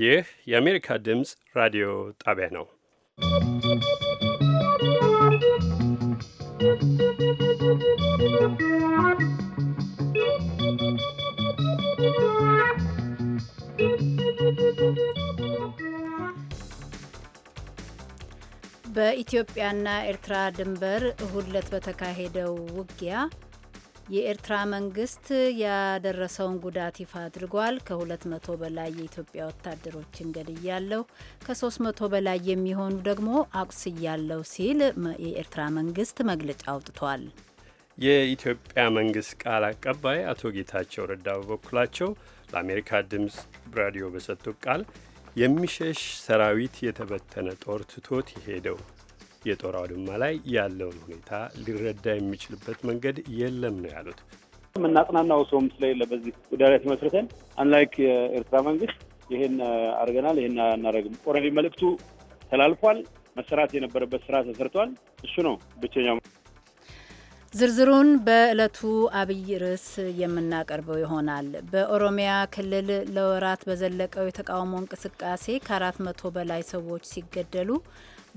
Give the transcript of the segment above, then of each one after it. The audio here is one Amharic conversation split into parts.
ይህ የአሜሪካ ድምፅ ራዲዮ ጣቢያ ነው። በኢትዮጵያና ኤርትራ ድንበር እሁድ ዕለት በተካሄደው ውጊያ የኤርትራ መንግስት ያደረሰውን ጉዳት ይፋ አድርጓል። ከ200 በላይ የኢትዮጵያ ወታደሮችን ገድያለሁ፣ ከ300 በላይ የሚሆኑ ደግሞ አቁስያለሁ ሲል የኤርትራ መንግስት መግለጫ አውጥቷል። የኢትዮጵያ መንግስት ቃል አቀባይ አቶ ጌታቸው ረዳ በበኩላቸው ለአሜሪካ ድምፅ ራዲዮ በሰጡት ቃል የሚሸሽ ሰራዊት የተበተነ ጦር ትቶት የሄደው የጦር አውድማ ላይ ያለውን ሁኔታ ሊረዳ የሚችልበት መንገድ የለም ነው ያሉት። የምናጽናናው ሰውም ስለሌለ በዚህ ጉዳይ ላይ ተመስርተን አንላይክ የኤርትራ መንግስት ይህን አድርገናል፣ ይህን አናደርግም። ኦልሬዲ መልእክቱ ተላልፏል። መሰራት የነበረበት ስራ ተሰርቷል። እሱ ነው ብቸኛው። ዝርዝሩን በዕለቱ አብይ ርዕስ የምናቀርበው ይሆናል። በኦሮሚያ ክልል ለወራት በዘለቀው የተቃውሞ እንቅስቃሴ ከአራት መቶ በላይ ሰዎች ሲገደሉ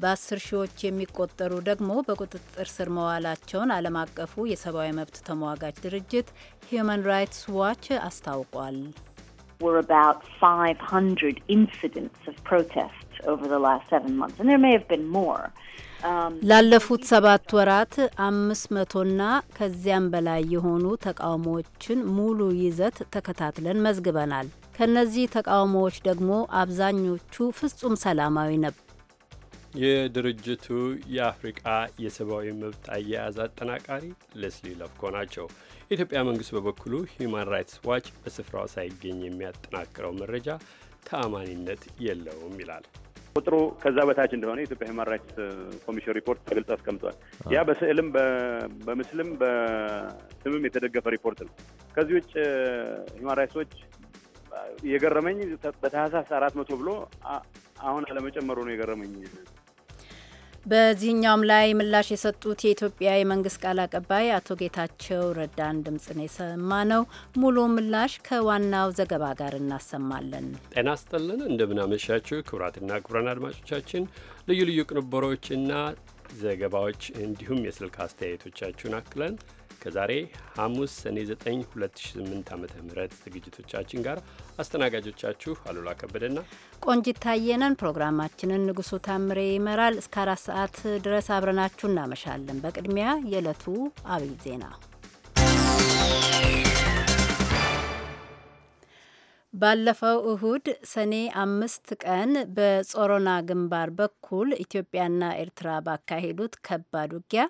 በአስር ሺዎች የሚቆጠሩ ደግሞ በቁጥጥር ስር መዋላቸውን ዓለም አቀፉ የሰብአዊ መብት ተሟጋች ድርጅት ሂዩማን ራይትስ ዋች አስታውቋል። um, ላለፉት ሰባት ወራት አምስት መቶና ከዚያም በላይ የሆኑ ተቃውሞዎችን ሙሉ ይዘት ተከታትለን መዝግበናል። ከነዚህ ተቃውሞዎች ደግሞ አብዛኞቹ ፍጹም ሰላማዊ ነበር። የድርጅቱ የአፍሪቃ የሰብአዊ መብት አያያዝ አጠናቃሪ ሌስሊ ለፍኮ ናቸው። የኢትዮጵያ መንግስት በበኩሉ ሂዩማን ራይትስ ዋች በስፍራው ሳይገኝ የሚያጠናቅረው መረጃ ተአማኒነት የለውም ይላል። ቁጥሩ ከዛ በታች እንደሆነ የኢትዮጵያ ሂማን ራይትስ ኮሚሽን ሪፖርት በግልጽ አስቀምጧል። ያ በስዕልም በምስልም በስምም የተደገፈ ሪፖርት ነው። ከዚህ ውጭ ሂማን ራይትሶች የገረመኝ በታህሳስ አራት መቶ ብሎ አሁን አለመጨመሩ ነው የገረመኝ። በዚህኛውም ላይ ምላሽ የሰጡት የኢትዮጵያ የመንግስት ቃል አቀባይ አቶ ጌታቸው ረዳን ድምጽ ነው ነው። ሙሉ ምላሽ ከዋናው ዘገባ ጋር እናሰማለን። ጤና ስጥልን፣ እንደምናመሻችሁ ክቡራትና ክቡራን አድማጮቻችን ልዩ ልዩ ቅንብሮችና ዘገባዎች እንዲሁም የስልክ አስተያየቶቻችሁን አክለን ከዛሬ ሐሙስ ሰኔ 9 2008 ዓ ም ዝግጅቶቻችን ጋር አስተናጋጆቻችሁ አሉላ ከበደና ቆንጂት ታየነን። ፕሮግራማችንን ንጉሱ ታምሬ ይመራል። እስከ አራት ሰዓት ድረስ አብረናችሁ እናመሻለን። በቅድሚያ የዕለቱ አብይ ዜና ባለፈው እሁድ ሰኔ አምስት ቀን በጾሮና ግንባር በኩል ኢትዮጵያና ኤርትራ ባካሄዱት ከባድ ውጊያ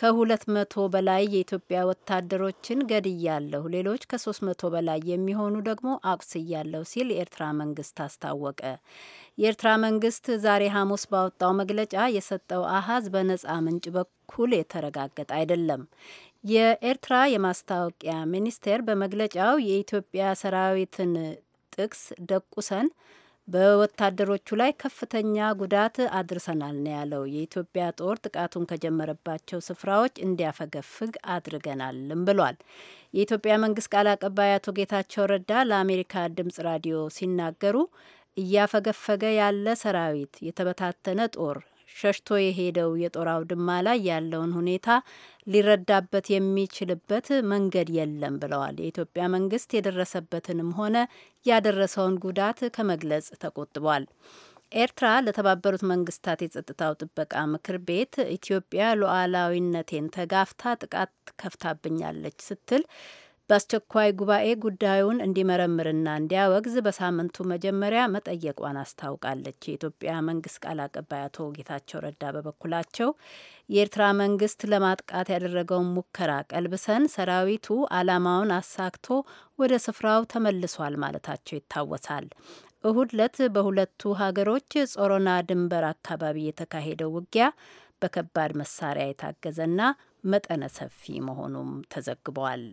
ከሁለት መቶ በላይ የኢትዮጵያ ወታደሮችን ገድያለሁ፣ ሌሎች ከሶስት መቶ በላይ የሚሆኑ ደግሞ አቁስያለሁ ሲል የኤርትራ መንግስት አስታወቀ። የኤርትራ መንግስት ዛሬ ሐሙስ ባወጣው መግለጫ የሰጠው አሀዝ በነጻ ምንጭ በኩል የተረጋገጠ አይደለም። የኤርትራ የማስታወቂያ ሚኒስቴር በመግለጫው የኢትዮጵያ ሰራዊትን ጥቅስ ደቁሰን በወታደሮቹ ላይ ከፍተኛ ጉዳት አድርሰናል ነው ያለው። የኢትዮጵያ ጦር ጥቃቱን ከጀመረባቸው ስፍራዎች እንዲያፈገፍግ አድርገናልም ብሏል። የኢትዮጵያ መንግስት ቃል አቀባይ አቶ ጌታቸው ረዳ ለአሜሪካ ድምጽ ራዲዮ ሲናገሩ እያፈገፈገ ያለ ሰራዊት፣ የተበታተነ ጦር ሸሽቶ የሄደው የጦር አውድማ ላይ ያለውን ሁኔታ ሊረዳበት የሚችልበት መንገድ የለም ብለዋል። የኢትዮጵያ መንግስት የደረሰበትንም ሆነ ያደረሰውን ጉዳት ከመግለጽ ተቆጥቧል። ኤርትራ ለተባበሩት መንግስታት የጸጥታው ጥበቃ ምክር ቤት ኢትዮጵያ ሉዓላዊነቴን ተጋፍታ ጥቃት ከፍታብኛለች ስትል በአስቸኳይ ጉባኤ ጉዳዩን እንዲመረምርና እንዲያወግዝ በሳምንቱ መጀመሪያ መጠየቋን አስታውቃለች። የኢትዮጵያ መንግስት ቃል አቀባይ አቶ ጌታቸው ረዳ በበኩላቸው የኤርትራ መንግስት ለማጥቃት ያደረገውን ሙከራ ቀልብሰን ሰራዊቱ አላማውን አሳክቶ ወደ ስፍራው ተመልሷል ማለታቸው ይታወሳል። እሁድ ለት በሁለቱ ሀገሮች ጾሮና ድንበር አካባቢ የተካሄደው ውጊያ በከባድ መሳሪያ የታገዘና መጠነ ሰፊ መሆኑም ተዘግቧል።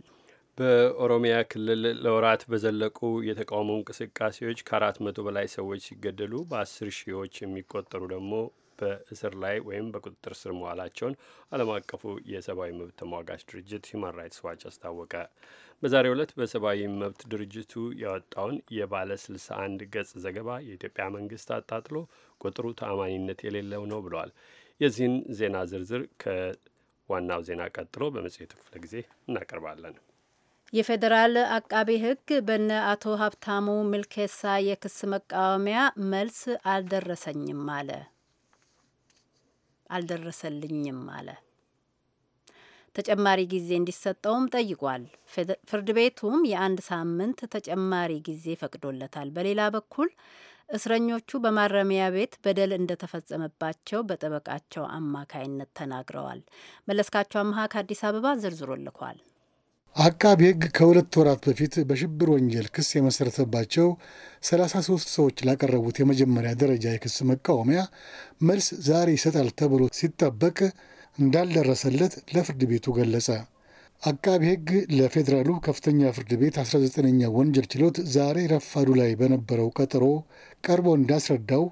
በኦሮሚያ ክልል ለወራት በዘለቁ የተቃውሞ እንቅስቃሴዎች ከአራት መቶ በላይ ሰዎች ሲገደሉ በአስር ሺዎች የሚቆጠሩ ደግሞ በእስር ላይ ወይም በቁጥጥር ስር መዋላቸውን ዓለም አቀፉ የሰብአዊ መብት ተሟጋች ድርጅት ሂማን ራይትስ ዋች አስታወቀ። በዛሬው ዕለት በሰብአዊ መብት ድርጅቱ ያወጣውን የባለ 61 ገጽ ዘገባ የኢትዮጵያ መንግስት አጣጥሎ ቁጥሩ ተአማኒነት የሌለው ነው ብለዋል። የዚህን ዜና ዝርዝር ከዋናው ዜና ቀጥሎ በመጽሔቱ ክፍለ ጊዜ እናቀርባለን። የፌዴራል አቃቤ ሕግ በነ አቶ ሀብታሙ ምልኬሳ የክስ መቃወሚያ መልስ አልደረሰኝም አለ አልደረሰልኝም አለ። ተጨማሪ ጊዜ እንዲሰጠውም ጠይቋል። ፍርድ ቤቱም የአንድ ሳምንት ተጨማሪ ጊዜ ፈቅዶለታል። በሌላ በኩል እስረኞቹ በማረሚያ ቤት በደል እንደተፈጸመባቸው በጠበቃቸው አማካይነት ተናግረዋል። መለስካቸው አምሃ ከአዲስ አበባ ዝርዝሮ ልኳል። አቃቢ ሕግ ከሁለት ወራት በፊት በሽብር ወንጀል ክስ የመሠረተባቸው 33 ሰዎች ላቀረቡት የመጀመሪያ ደረጃ የክስ መቃወሚያ መልስ ዛሬ ይሰጣል ተብሎ ሲጠበቅ እንዳልደረሰለት ለፍርድ ቤቱ ገለጸ። አቃቢ ሕግ ለፌዴራሉ ከፍተኛ ፍርድ ቤት 19ኛ ወንጀል ችሎት ዛሬ ረፋዱ ላይ በነበረው ቀጠሮ ቀርቦ እንዳስረዳው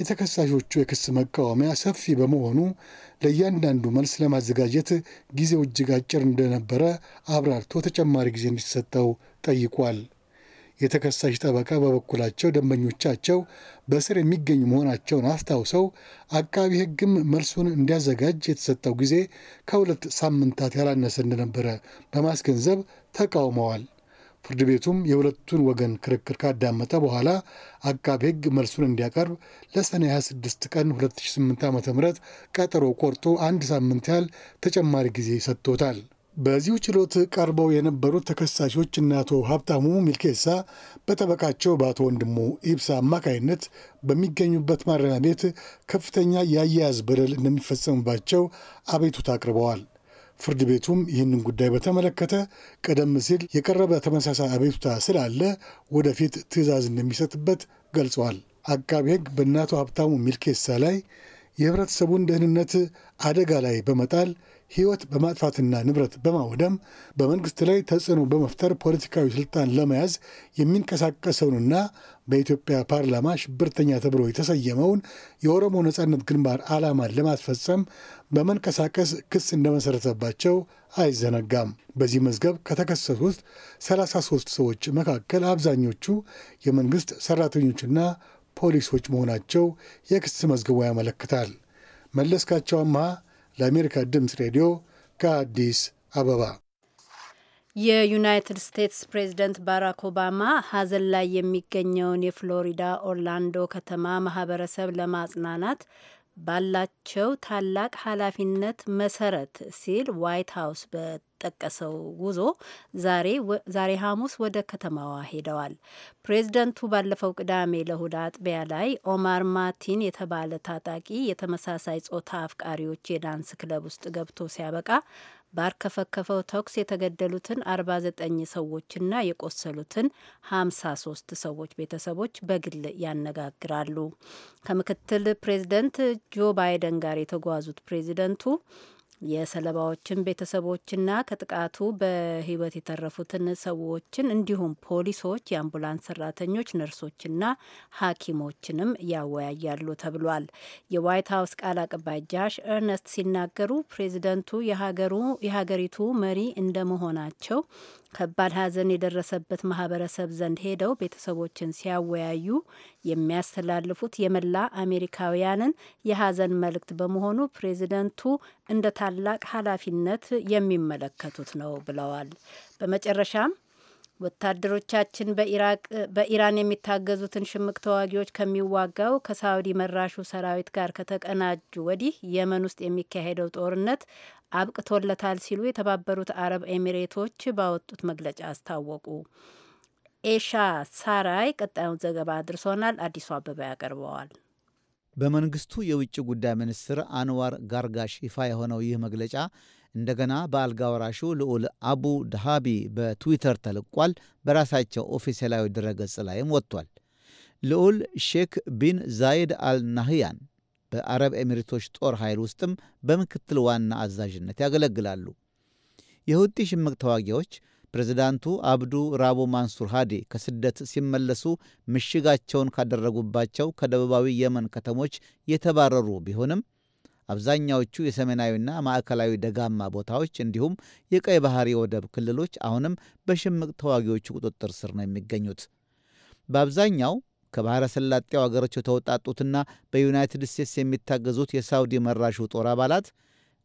የተከሳሾቹ የክስ መቃወሚያ ሰፊ በመሆኑ ለእያንዳንዱ መልስ ለማዘጋጀት ጊዜው እጅግ አጭር እንደነበረ አብራርቶ ተጨማሪ ጊዜ እንዲሰጠው ጠይቋል። የተከሳሽ ጠበቃ በበኩላቸው ደንበኞቻቸው በስር የሚገኙ መሆናቸውን አስታውሰው አቃቢ ሕግም መልሱን እንዲያዘጋጅ የተሰጠው ጊዜ ከሁለት ሳምንታት ያላነሰ እንደነበረ በማስገንዘብ ተቃውመዋል። ፍርድ ቤቱም የሁለቱን ወገን ክርክር ካዳመጠ በኋላ አቃቤ ሕግ መልሱን እንዲያቀርብ ለሰኔ 26 ቀን 2008 ዓ ም ቀጠሮ ቆርጦ አንድ ሳምንት ያህል ተጨማሪ ጊዜ ሰጥቶታል። በዚሁ ችሎት ቀርበው የነበሩት ተከሳሾች እና አቶ ሀብታሙ ሚልኬሳ በጠበቃቸው በአቶ ወንድሙ ኢብሳ አማካይነት በሚገኙበት ማረሚያ ቤት ከፍተኛ የአያያዝ በደል እንደሚፈጸምባቸው አቤቱታ አቅርበዋል። ፍርድ ቤቱም ይህንን ጉዳይ በተመለከተ ቀደም ሲል የቀረበ ተመሳሳይ አቤቱታ ስላለ ወደፊት ትዕዛዝ እንደሚሰጥበት ገልጸዋል። አቃቤ ሕግ በእናቱ ሀብታሙ ሚልኬሳ ላይ የህብረተሰቡን ደህንነት አደጋ ላይ በመጣል ሕይወት በማጥፋትና ንብረት በማውደም በመንግስት ላይ ተጽዕኖ በመፍጠር ፖለቲካዊ ስልጣን ለመያዝ የሚንቀሳቀሰውንና በኢትዮጵያ ፓርላማ ሽብርተኛ ተብሎ የተሰየመውን የኦሮሞ ነጻነት ግንባር ዓላማን ለማስፈጸም በመንቀሳቀስ ክስ እንደመሰረተባቸው አይዘነጋም። በዚህ መዝገብ ከተከሰሱት ውስጥ 33 ሰዎች መካከል አብዛኞቹ የመንግስት ሰራተኞችና ፖሊሶች መሆናቸው የክስ መዝገቡ ያመለክታል። መለስካቸው አምሃ ለአሜሪካ ድምፅ ሬዲዮ ከአዲስ አበባ። የዩናይትድ ስቴትስ ፕሬዝደንት ባራክ ኦባማ ሀዘን ላይ የሚገኘውን የፍሎሪዳ ኦርላንዶ ከተማ ማህበረሰብ ለማጽናናት ባላቸው ታላቅ ኃላፊነት መሰረት ሲል ዋይት ሀውስ በጠቀሰው ጉዞ ዛሬ ሐሙስ ወደ ከተማዋ ሄደዋል። ፕሬዝደንቱ ባለፈው ቅዳሜ ለእሁድ አጥቢያ ላይ ኦማር ማቲን የተባለ ታጣቂ የተመሳሳይ ጾታ አፍቃሪዎች የዳንስ ክለብ ውስጥ ገብቶ ሲያበቃ ባርከፈከፈው ተኩስ የተገደሉትን 49 ሰዎችና የቆሰሉትን 53 ሰዎች ቤተሰቦች በግል ያነጋግራሉ። ከምክትል ፕሬዚደንት ጆ ባይደን ጋር የተጓዙት ፕሬዚደንቱ የሰለባዎችን ቤተሰቦችና ከጥቃቱ በህይወት የተረፉትን ሰዎችን እንዲሁም ፖሊሶች፣ የአምቡላንስ ሰራተኞች፣ ነርሶችና ሐኪሞችንም ያወያያሉ ተብሏል። የዋይት ሀውስ ቃል አቀባይ ጃሽ እርነስት ሲናገሩ ፕሬዚደንቱ የሀገሪቱ መሪ እንደመሆናቸው ከባድ ሐዘን የደረሰበት ማህበረሰብ ዘንድ ሄደው ቤተሰቦችን ሲያወያዩ የሚያስተላልፉት የመላ አሜሪካውያንን የሐዘን መልእክት በመሆኑ ፕሬዚደንቱ እንደ ታላቅ ኃላፊነት የሚመለከቱት ነው ብለዋል። በመጨረሻም ወታደሮቻችን በኢራቅ በኢራን የሚታገዙትን ሽምቅ ተዋጊዎች ከሚዋጋው ከሳውዲ መራሹ ሰራዊት ጋር ከተቀናጁ ወዲህ የመን ውስጥ የሚካሄደው ጦርነት አብቅቶለታል ሲሉ የተባበሩት አረብ ኤሚሬቶች ባወጡት መግለጫ አስታወቁ። ኤሻ ሳራይ ቀጣዩን ዘገባ አድርሶናል። አዲሱ አበባ ያቀርበዋል። በመንግስቱ የውጭ ጉዳይ ሚኒስትር አንዋር ጋርጋሽ ይፋ የሆነው ይህ መግለጫ እንደገና በአልጋ ወራሹ ልዑል አቡ ድሃቢ በትዊተር ተልቋል። በራሳቸው ኦፊሴላዊ ድረገጽ ላይም ወጥቷል። ልዑል ሼክ ቢን ዛይድ አል ናህያን በአረብ ኤሚሬቶች ጦር ኃይል ውስጥም በምክትል ዋና አዛዥነት ያገለግላሉ። የሁቲ ሽምቅ ተዋጊዎች ፕሬዚዳንቱ አብዱ ራቡ ማንሱር ሃዲ ከስደት ሲመለሱ ምሽጋቸውን ካደረጉባቸው ከደቡባዊ የመን ከተሞች የተባረሩ ቢሆንም አብዛኛዎቹ የሰሜናዊና ማዕከላዊ ደጋማ ቦታዎች እንዲሁም የቀይ ባህር የወደብ ክልሎች አሁንም በሽምቅ ተዋጊዎቹ ቁጥጥር ስር ነው የሚገኙት። በአብዛኛው ከባሕረ ሰላጤው አገሮች የተውጣጡትና በዩናይትድ ስቴትስ የሚታገዙት የሳውዲ መራሹ ጦር አባላት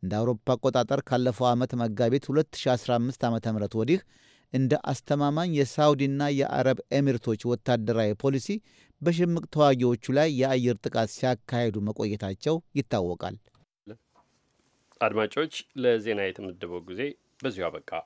እንደ አውሮፓ አቆጣጠር ካለፈው ዓመት መጋቢት 2015 ዓ ም ወዲህ እንደ አስተማማኝ የሳውዲና የአረብ ኤሚርቶች ወታደራዊ ፖሊሲ በሽምቅ ተዋጊዎቹ ላይ የአየር ጥቃት ሲያካሂዱ መቆየታቸው ይታወቃል። አድማጮች፣ ለዜና የተመደበው ጊዜ በዚሁ አበቃ።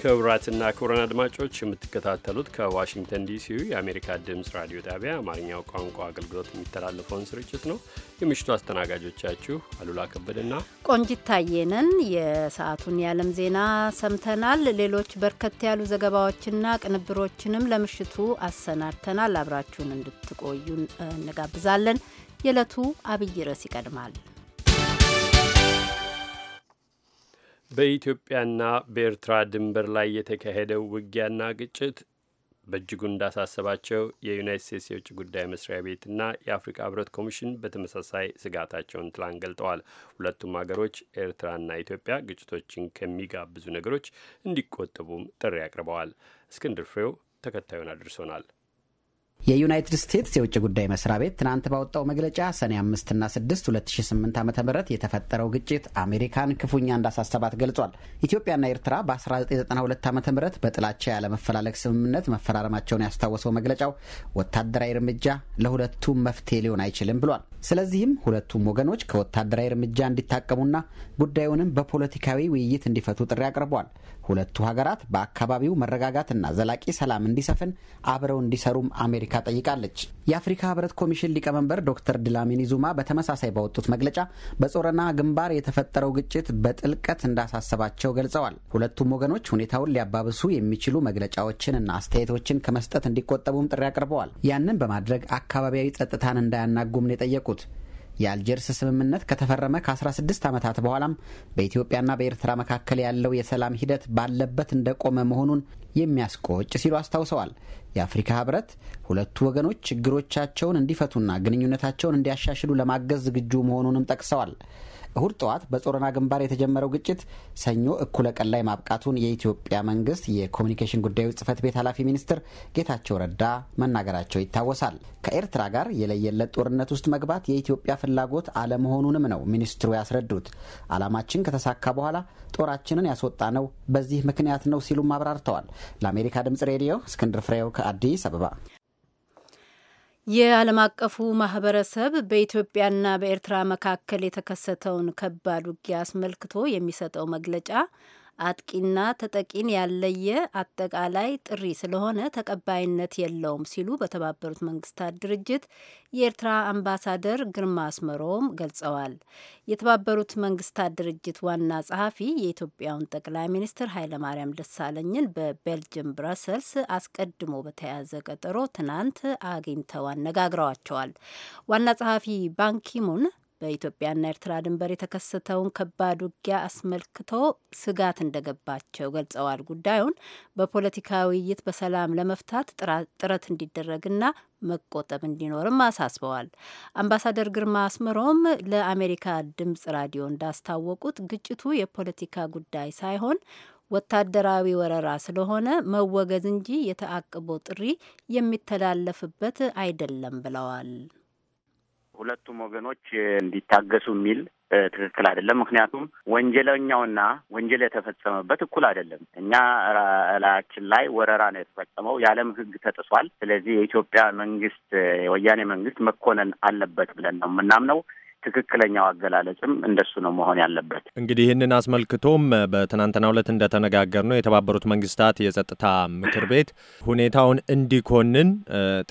ክቡራትና ክቡራን አድማጮች የምትከታተሉት ከዋሽንግተን ዲሲ የአሜሪካ ድምፅ ራዲዮ ጣቢያ አማርኛው ቋንቋ አገልግሎት የሚተላለፈውን ስርጭት ነው። የምሽቱ አስተናጋጆቻችሁ አሉላ ከበደና ቆንጂት ታየነን። የሰዓቱን የዓለም ዜና ሰምተናል። ሌሎች በርከት ያሉ ዘገባዎችና ቅንብሮችንም ለምሽቱ አሰናድተናል። አብራችሁን እንድትቆዩ እንጋብዛለን። የዕለቱ አብይ ርዕስ ይቀድማል። በኢትዮጵያና በኤርትራ ድንበር ላይ የተካሄደው ውጊያና ግጭት በእጅጉ እንዳሳሰባቸው የዩናይት ስቴትስ የውጭ ጉዳይ መስሪያ ቤትና የአፍሪካ ህብረት ኮሚሽን በተመሳሳይ ስጋታቸውን ትላንት ገልጠዋል። ሁለቱም ሀገሮች ኤርትራና ኢትዮጵያ ግጭቶችን ከሚጋብዙ ነገሮች እንዲቆጠቡም ጥሪ አቅርበዋል። እስክንድር ፍሬው ተከታዩን አድርሶናል። የዩናይትድ ስቴትስ የውጭ ጉዳይ መስሪያ ቤት ትናንት ባወጣው መግለጫ ሰኔ 5ና 6 2008 ዓ ም የተፈጠረው ግጭት አሜሪካን ክፉኛ እንዳሳሰባት ገልጿል። ኢትዮጵያና ኤርትራ በ1992 ዓ ም በጥላቻ ያለመፈላለግ ስምምነት መፈራረማቸውን ያስታወሰው መግለጫው ወታደራዊ እርምጃ ለሁለቱም መፍትሄ ሊሆን አይችልም ብሏል። ስለዚህም ሁለቱም ወገኖች ከወታደራዊ እርምጃ እንዲታቀሙና ጉዳዩንም በፖለቲካዊ ውይይት እንዲፈቱ ጥሪ አቅርቧል። ሁለቱ ሀገራት በአካባቢው መረጋጋትና ዘላቂ ሰላም እንዲሰፍን አብረው እንዲሰሩም አሜሪካ ጠይቃለች። የአፍሪካ ህብረት ኮሚሽን ሊቀመንበር ዶክተር ድላሚኒ ዙማ በተመሳሳይ ባወጡት መግለጫ በጾረና ግንባር የተፈጠረው ግጭት በጥልቀት እንዳሳሰባቸው ገልጸዋል። ሁለቱም ወገኖች ሁኔታውን ሊያባብሱ የሚችሉ መግለጫዎችንና አስተያየቶችን ከመስጠት እንዲቆጠቡም ጥሪ አቅርበዋል። ያንን በማድረግ አካባቢያዊ ጸጥታን እንዳያናጉም ነው የጠየቁት። የአልጀርስ ስምምነት ከተፈረመ ከ16 ዓመታት በኋላም በኢትዮጵያና በኤርትራ መካከል ያለው የሰላም ሂደት ባለበት እንደቆመ መሆኑን የሚያስቆጭ ሲሉ አስታውሰዋል። የአፍሪካ ህብረት ሁለቱ ወገኖች ችግሮቻቸውን እንዲፈቱና ግንኙነታቸውን እንዲያሻሽሉ ለማገዝ ዝግጁ መሆኑንም ጠቅሰዋል። እሁድ ጠዋት በጾረና ግንባር የተጀመረው ግጭት ሰኞ እኩለ ቀን ላይ ማብቃቱን የኢትዮጵያ መንግስት የኮሚኒኬሽን ጉዳዮች ጽህፈት ቤት ኃላፊ ሚኒስትር ጌታቸው ረዳ መናገራቸው ይታወሳል። ከኤርትራ ጋር የለየለት ጦርነት ውስጥ መግባት የኢትዮጵያ ፍላጎት አለመሆኑንም ነው ሚኒስትሩ ያስረዱት። አላማችን ከተሳካ በኋላ ጦራችንን ያስወጣ ነው በዚህ ምክንያት ነው ሲሉም አብራርተዋል። ለአሜሪካ ድምጽ ሬዲዮ እስክንድር ፍሬው ከአዲስ አበባ የዓለም አቀፉ ማህበረሰብ በኢትዮጵያና በኤርትራ መካከል የተከሰተውን ከባድ ውጊያ አስመልክቶ የሚሰጠው መግለጫ አጥቂና ተጠቂን ያለየ አጠቃላይ ጥሪ ስለሆነ ተቀባይነት የለውም ሲሉ በተባበሩት መንግስታት ድርጅት የኤርትራ አምባሳደር ግርማ አስመሮም ገልጸዋል። የተባበሩት መንግስታት ድርጅት ዋና ጸሐፊ የኢትዮጵያውን ጠቅላይ ሚኒስትር ኃይለማርያም ደሳለኝን በቤልጅየም ብራሰልስ አስቀድሞ በተያያዘ ቀጠሮ ትናንት አግኝተው አነጋግረዋቸዋል። ዋና ጸሐፊ ባንኪሙን በኢትዮጵያና ኤርትራ ድንበር የተከሰተውን ከባድ ውጊያ አስመልክቶ ስጋት እንደገባቸው ገልጸዋል። ጉዳዩን በፖለቲካ ውይይት በሰላም ለመፍታት ጥረት እንዲደረግና መቆጠብ እንዲኖርም አሳስበዋል። አምባሳደር ግርማ አስመሮም ለአሜሪካ ድምጽ ራዲዮ እንዳስታወቁት ግጭቱ የፖለቲካ ጉዳይ ሳይሆን ወታደራዊ ወረራ ስለሆነ መወገዝ እንጂ የተአቅቦ ጥሪ የሚተላለፍበት አይደለም ብለዋል። ሁለቱም ወገኖች እንዲታገሱ የሚል ትክክል አይደለም። ምክንያቱም ወንጀለኛውና ወንጀል የተፈጸመበት እኩል አይደለም። እኛ ላያችን ላይ ወረራ ነው የተፈጸመው፣ የዓለም ሕግ ተጥሷል። ስለዚህ የኢትዮጵያ መንግስት፣ የወያኔ መንግስት መኮነን አለበት ብለን ነው የምናምነው። ትክክለኛው አገላለጽም እንደሱ ነው መሆን ያለበት። እንግዲህ ይህንን አስመልክቶም በትናንትናው ዕለት እንደተነጋገር ነው የተባበሩት መንግስታት የጸጥታ ምክር ቤት ሁኔታውን እንዲኮንን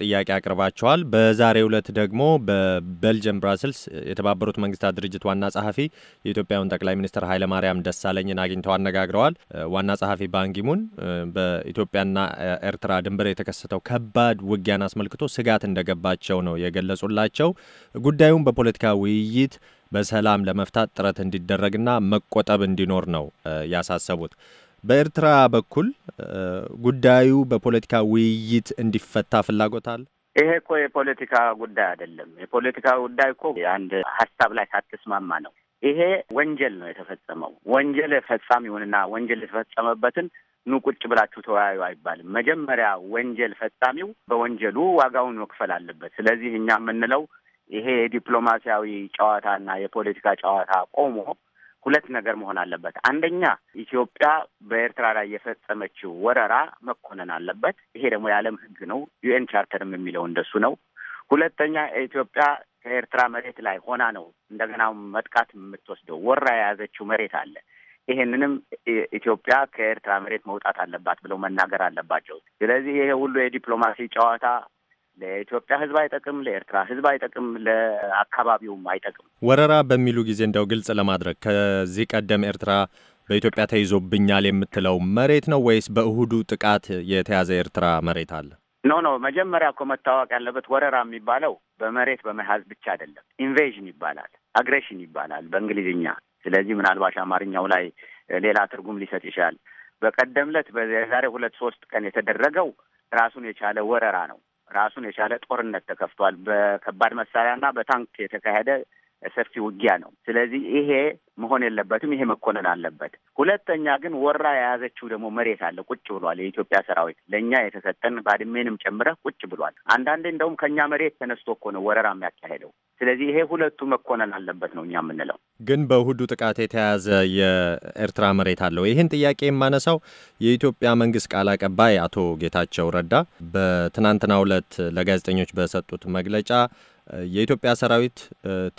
ጥያቄ አቅርባቸዋል። በዛሬው ዕለት ደግሞ በቤልጅየም ብራስልስ የተባበሩት መንግስታት ድርጅት ዋና ጸሐፊ የኢትዮጵያውን ጠቅላይ ሚኒስትር ኃይለማርያም ደሳለኝን አግኝተው አነጋግረዋል። ዋና ጸሐፊ ባንኪሙን በኢትዮጵያና ኤርትራ ድንበር የተከሰተው ከባድ ውጊያን አስመልክቶ ስጋት እንደገባቸው ነው የገለጹላቸው። ጉዳዩም በፖለቲካዊ ውይይት በሰላም ለመፍታት ጥረት እንዲደረግና መቆጠብ እንዲኖር ነው ያሳሰቡት። በኤርትራ በኩል ጉዳዩ በፖለቲካ ውይይት እንዲፈታ ፍላጎት አለ። ይሄ እኮ የፖለቲካ ጉዳይ አይደለም። የፖለቲካ ጉዳይ እኮ አንድ ሀሳብ ላይ ሳትስማማ ነው። ይሄ ወንጀል ነው የተፈጸመው። ወንጀል ፈጻሚውንና ወንጀል የተፈጸመበትን ኑ ቁጭ ብላችሁ ተወያዩ አይባልም። መጀመሪያ ወንጀል ፈጻሚው በወንጀሉ ዋጋውን መክፈል አለበት። ስለዚህ እኛ የምንለው ይሄ የዲፕሎማሲያዊ ጨዋታና የፖለቲካ ጨዋታ ቆሞ ሁለት ነገር መሆን አለበት። አንደኛ ኢትዮጵያ በኤርትራ ላይ የፈጸመችው ወረራ መኮነን አለበት። ይሄ ደግሞ የዓለም ሕግ ነው። ዩኤን ቻርተርም የሚለው እንደሱ ነው። ሁለተኛ ኢትዮጵያ ከኤርትራ መሬት ላይ ሆና ነው እንደገና መጥቃት የምትወስደው። ወራ የያዘችው መሬት አለ። ይሄንንም ኢትዮጵያ ከኤርትራ መሬት መውጣት አለባት ብለው መናገር አለባቸው። ስለዚህ ይሄ ሁሉ የዲፕሎማሲ ጨዋታ ለኢትዮጵያ ሕዝብ አይጠቅም፣ ለኤርትራ ሕዝብ አይጠቅም፣ ለአካባቢውም አይጠቅም። ወረራ በሚሉ ጊዜ እንደው ግልጽ ለማድረግ ከዚህ ቀደም ኤርትራ በኢትዮጵያ ተይዞብኛል የምትለው መሬት ነው ወይስ በእሁዱ ጥቃት የተያዘ ኤርትራ መሬት አለ? ኖ ኖ፣ መጀመሪያ እኮ መታወቅ ያለበት ወረራ የሚባለው በመሬት በመያዝ ብቻ አይደለም። ኢንቬዥን ይባላል፣ አግሬሽን ይባላል በእንግሊዝኛ። ስለዚህ ምናልባሽ አማርኛው ላይ ሌላ ትርጉም ሊሰጥ ይችላል። በቀደም ዕለት የዛሬ ሁለት ሶስት ቀን የተደረገው ራሱን የቻለ ወረራ ነው። ራሱን የቻለ ጦርነት ተከፍቷል። በከባድ መሳሪያና በታንክ የተካሄደ ሰፊ ውጊያ ነው። ስለዚህ ይሄ መሆን የለበትም። ይሄ መኮነን አለበት። ሁለተኛ ግን ወራ የያዘችው ደግሞ መሬት አለ ቁጭ ብሏል። የኢትዮጵያ ሰራዊት ለእኛ የተሰጠን ባድሜንም ጨምረህ ቁጭ ብሏል። አንዳንዴ እንደውም ከእኛ መሬት ተነስቶ እኮ ነው ወረራ የሚያካሄደው። ስለዚህ ይሄ ሁለቱ መኮነን አለበት ነው እኛ የምንለው። ግን በእሁዱ ጥቃት የተያዘ የኤርትራ መሬት አለው። ይህን ጥያቄ የማነሳው የኢትዮጵያ መንግስት ቃል አቀባይ አቶ ጌታቸው ረዳ በትናንትናው ዕለት ለጋዜጠኞች በሰጡት መግለጫ የኢትዮጵያ ሰራዊት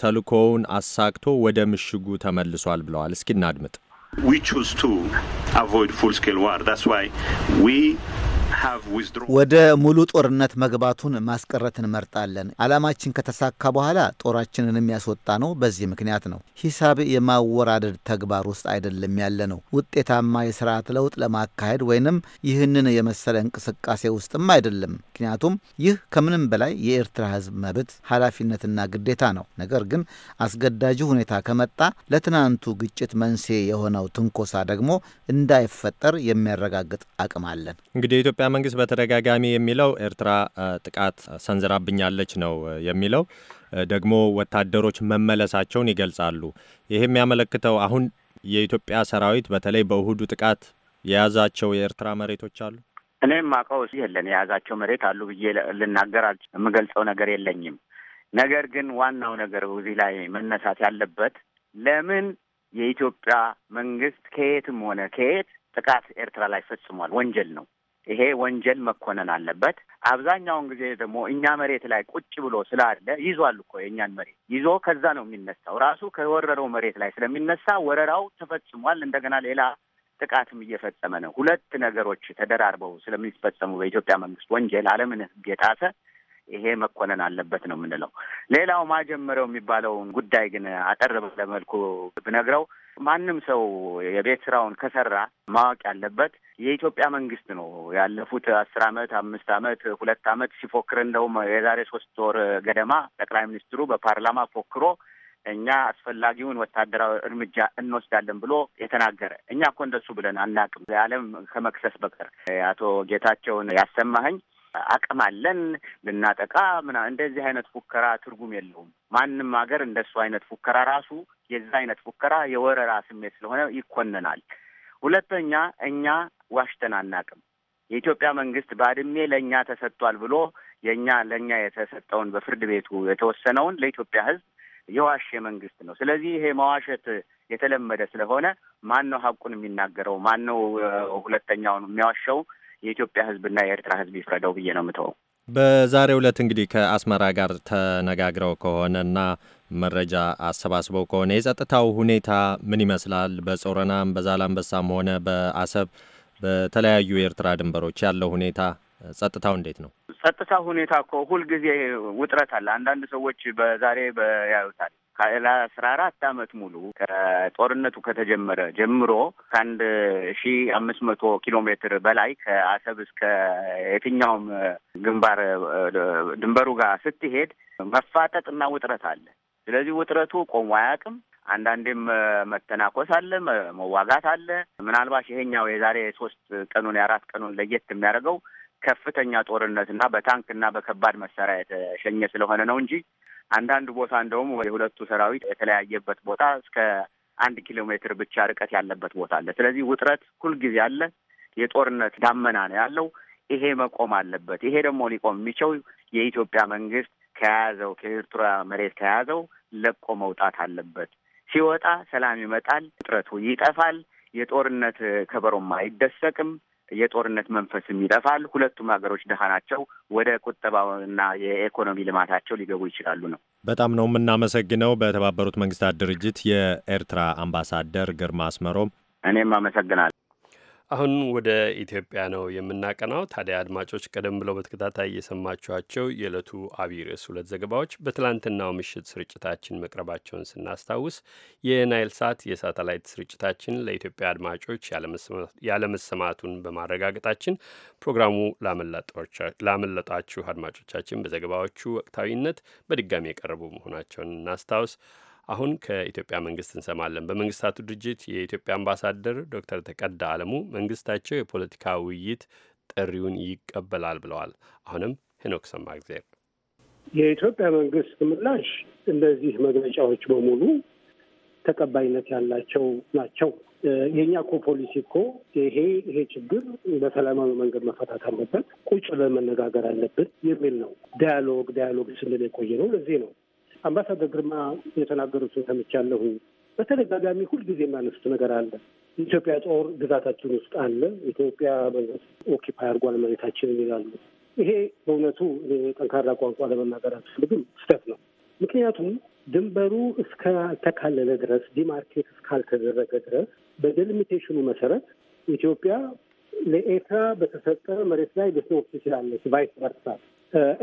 ተልእኮውን አሳክቶ ወደ ምሽጉ ተመልሷል ብለዋል። እስኪ እናድምጥ። we choose to avoid full scale war that's why we ወደ ሙሉ ጦርነት መግባቱን ማስቀረት እንመርጣለን። ዓላማችን ከተሳካ በኋላ ጦራችንን የሚያስወጣ ነው። በዚህ ምክንያት ነው ሂሳብ የማወራደድ ተግባር ውስጥ አይደለም ያለ ነው። ውጤታማ የስርዓት ለውጥ ለማካሄድ ወይንም ይህንን የመሰለ እንቅስቃሴ ውስጥም አይደለም። ምክንያቱም ይህ ከምንም በላይ የኤርትራ ሕዝብ መብት ኃላፊነትና ግዴታ ነው። ነገር ግን አስገዳጅ ሁኔታ ከመጣ ለትናንቱ ግጭት መንስኤ የሆነው ትንኮሳ ደግሞ እንዳይፈጠር የሚያረጋግጥ አቅም አለን። እንግዲህ የኢትዮጵያ መንግስት በተደጋጋሚ የሚለው ኤርትራ ጥቃት ሰንዝራብኛለች ነው የሚለው ደግሞ ወታደሮች መመለሳቸውን ይገልጻሉ። ይህ የሚያመለክተው አሁን የኢትዮጵያ ሰራዊት በተለይ በእሁዱ ጥቃት የያዛቸው የኤርትራ መሬቶች አሉ። እኔም ማውቀው የለን የያዛቸው መሬት አሉ ብዬ ልናገር የምገልጸው ነገር የለኝም። ነገር ግን ዋናው ነገር እዚህ ላይ መነሳት ያለበት ለምን የኢትዮጵያ መንግስት ከየትም ሆነ ከየት ጥቃት ኤርትራ ላይ ፈጽሟል፣ ወንጀል ነው። ይሄ ወንጀል መኮነን አለበት። አብዛኛውን ጊዜ ደግሞ እኛ መሬት ላይ ቁጭ ብሎ ስላለ ይዟል እኮ የእኛን መሬት ይዞ ከዛ ነው የሚነሳው። ራሱ ከወረረው መሬት ላይ ስለሚነሳ ወረራው ተፈጽሟል። እንደገና ሌላ ጥቃትም እየፈጸመ ነው። ሁለት ነገሮች ተደራርበው ስለሚፈጸሙ በኢትዮጵያ መንግስት ወንጀል ዓለምን ሕግ የጣሰ ይሄ መኮነን አለበት ነው የምንለው። ሌላው ማጀመሪያው የሚባለውን ጉዳይ ግን አጠር ባለ መልኩ ብነግረው ማንም ሰው የቤት ስራውን ከሰራ ማወቅ ያለበት የኢትዮጵያ መንግስት ነው ያለፉት አስር አመት አምስት አመት ሁለት አመት ሲፎክር እንደውም የዛሬ ሶስት ወር ገደማ ጠቅላይ ሚኒስትሩ በፓርላማ ፎክሮ እኛ አስፈላጊውን ወታደራዊ እርምጃ እንወስዳለን ብሎ የተናገረ እኛ እኮ እንደሱ ብለን አናቅም። የዓለም ከመክሰስ በቀር አቶ ጌታቸውን ያሰማኸኝ አቅም አለን ልናጠቃ ምና እንደዚህ አይነት ፉከራ ትርጉም የለውም። ማንም ሀገር እንደሱ አይነት ፉከራ ራሱ የዛ አይነት ፉከራ የወረራ ስሜት ስለሆነ ይኮንናል። ሁለተኛ እኛ ዋሽተን አናቅም። የኢትዮጵያ መንግስት ባድሜ ለእኛ ተሰጥቷል ብሎ የእኛ ለእኛ የተሰጠውን በፍርድ ቤቱ የተወሰነውን ለኢትዮጵያ ህዝብ የዋሸ መንግስት ነው። ስለዚህ ይሄ መዋሸት የተለመደ ስለሆነ ማን ነው ሀቁን የሚናገረው? ማን ነው ሁለተኛውን የሚያዋሸው? የኢትዮጵያ ህዝብና የኤርትራ ህዝብ ይፍረደው ብዬ ነው የምተወው። በዛሬው ዕለት እንግዲህ ከአስመራ ጋር ተነጋግረው ከሆነና መረጃ አሰባስበው ከሆነ የጸጥታው ሁኔታ ምን ይመስላል? በጾረናም በዛላምበሳም ሆነ በአሰብ በተለያዩ የኤርትራ ድንበሮች ያለው ሁኔታ ጸጥታው እንዴት ነው? ጸጥታ ሁኔታ እኮ ሁልጊዜ ውጥረት አለ። አንዳንድ ሰዎች በዛሬ ያዩታል። ለአስራ አራት አመት ሙሉ ከጦርነቱ ከተጀመረ ጀምሮ ከአንድ ሺ አምስት መቶ ኪሎ ሜትር በላይ ከአሰብ እስከ የትኛውም ግንባር ድንበሩ ጋር ስትሄድ መፋጠጥ እና ውጥረት አለ። ስለዚህ ውጥረቱ ቆሞ አያውቅም። አንዳንዴም መተናኮስ አለ፣ መዋጋት አለ። ምናልባት ይሄኛው የዛሬ ሶስት ቀኑን የአራት ቀኑን ለየት የሚያደርገው ከፍተኛ ጦርነትና በታንክና በከባድ መሳሪያ የተሸኘ ስለሆነ ነው እንጂ አንዳንድ ቦታ እንደውም የሁለቱ ሰራዊት የተለያየበት ቦታ እስከ አንድ ኪሎ ሜትር ብቻ ርቀት ያለበት ቦታ አለ። ስለዚህ ውጥረት ሁልጊዜ አለ። የጦርነት ዳመና ነው ያለው። ይሄ መቆም አለበት። ይሄ ደግሞ ሊቆም የሚችለው የኢትዮጵያ መንግስት ከያዘው ከኤርትራ መሬት ከያዘው ለቆ መውጣት አለበት። ሲወጣ ሰላም ይመጣል፣ ጥረቱ ይጠፋል፣ የጦርነት ከበሮም አይደሰቅም፣ የጦርነት መንፈስም ይጠፋል። ሁለቱም ሀገሮች ድሀ ናቸው፣ ወደ ቁጠባና የኢኮኖሚ ልማታቸው ሊገቡ ይችላሉ ነው። በጣም ነው የምናመሰግነው በተባበሩት መንግስታት ድርጅት የኤርትራ አምባሳደር ግርማ አስመሮም። እኔም አመሰግናለሁ። አሁን ወደ ኢትዮጵያ ነው የምናቀናው። ታዲያ አድማጮች፣ ቀደም ብለው በተከታታይ የሰማችኋቸው የዕለቱ አብይ ርዕስ ሁለት ዘገባዎች በትላንትናው ምሽት ስርጭታችን መቅረባቸውን ስናስታውስ የናይል ሳት የሳተላይት ስርጭታችን ለኢትዮጵያ አድማጮች ያለመሰማቱን በማረጋገጣችን ፕሮግራሙ ላመለጣችሁ አድማጮቻችን በዘገባዎቹ ወቅታዊነት በድጋሚ የቀረቡ መሆናቸውን እናስታውስ። አሁን ከኢትዮጵያ መንግስት እንሰማለን። በመንግስታቱ ድርጅት የኢትዮጵያ አምባሳደር ዶክተር ተቀዳ አለሙ መንግስታቸው የፖለቲካ ውይይት ጥሪውን ይቀበላል ብለዋል። አሁንም ሄኖክ ጊዜር የኢትዮጵያ መንግስት ምላሽ እነዚህ መግለጫዎች በሙሉ ተቀባይነት ያላቸው ናቸው። የእኛ ኮ ፖሊሲ እኮ ይሄ ይሄ ችግር በሰላማዊ መንገድ መፈታት አለበት፣ ቁጭ ብለን መነጋገር አለብን የሚል ነው። ዳያሎግ ዳያሎግ ስንል የቆየ ነው። ለዚህ ነው አምባሳደር ግርማ የተናገሩትን ሰምቻለሁ። በተደጋጋሚ ሁልጊዜ የማነሱት ነገር አለ። ኢትዮጵያ ጦር ግዛታችን ውስጥ አለ፣ ኢትዮጵያ መንግስት ኦኪፓይ አድርጓል መሬታችንን ይላሉ። ይሄ በእውነቱ ጠንካራ ቋንቋ ለመናገር አትፈልግም፣ ስህተት ነው። ምክንያቱም ድንበሩ እስካልተካለለ ድረስ ዲማርኬት እስካልተደረገ ድረስ በዴሊሚቴሽኑ መሰረት ኢትዮጵያ ለኤርትራ በተሰጠ መሬት ላይ ልትኖር ትችላለች፣ ቫይስ ቨርሳ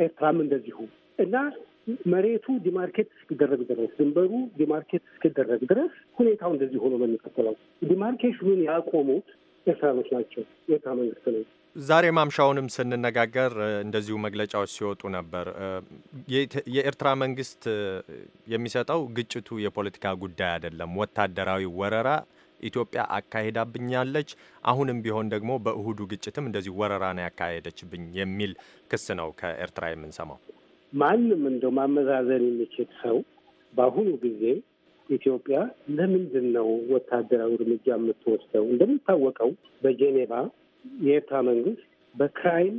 ኤርትራም እንደዚሁ እና መሬቱ ዲማርኬት እስኪደረግ ድረስ ድንበሩ ዲማርኬት እስኪደረግ ድረስ ሁኔታው እንደዚህ ሆኖ በሚቀጥለው ዲማርኬሽኑን ያቆሙት ኤርትራኖች ናቸው፣ የኤርትራ መንግስት ነው። ዛሬ ማምሻውንም ስንነጋገር እንደዚሁ መግለጫዎች ሲወጡ ነበር። የኤርትራ መንግስት የሚሰጠው ግጭቱ የፖለቲካ ጉዳይ አይደለም፣ ወታደራዊ ወረራ ኢትዮጵያ አካሄዳብኛለች፣ አሁንም ቢሆን ደግሞ በእሁዱ ግጭትም እንደዚሁ ወረራ ነው ያካሄደችብኝ የሚል ክስ ነው ከኤርትራ የምንሰማው። ማንም እንደው ማመዛዘን የሚችል ሰው በአሁኑ ጊዜ ኢትዮጵያ ለምንድን ነው ወታደራዊ እርምጃ የምትወስደው? እንደሚታወቀው በጄኔቫ የኤርትራ መንግስት በክራይም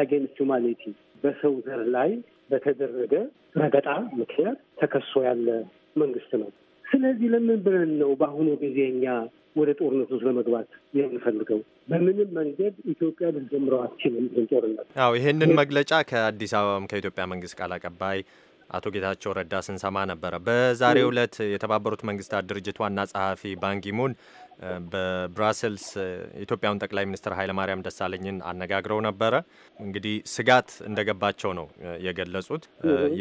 አጌንስት ሁማኒቲ በሰው ዘር ላይ በተደረገ ረገጣ ምክንያት ተከሶ ያለ መንግስት ነው። ስለዚህ ለምን ብለን ነው በአሁኑ ጊዜ እኛ ወደ ጦርነት ውስጥ ለመግባት የምንፈልገው በምንም መንገድ ኢትዮጵያ ልትጀምረው አትችልም ጦርነት። አዎ ይህንን መግለጫ ከአዲስ አበባም ከኢትዮጵያ መንግስት ቃል አቀባይ አቶ ጌታቸው ረዳ ስንሰማ ነበረ። በዛሬው ዕለት የተባበሩት መንግስታት ድርጅት ዋና ጸሐፊ ባንኪሙን በብራሰልስ የኢትዮጵያውን ጠቅላይ ሚኒስትር ኃይለማርያም ደሳለኝን አነጋግረው ነበረ። እንግዲህ ስጋት እንደገባቸው ነው የገለጹት።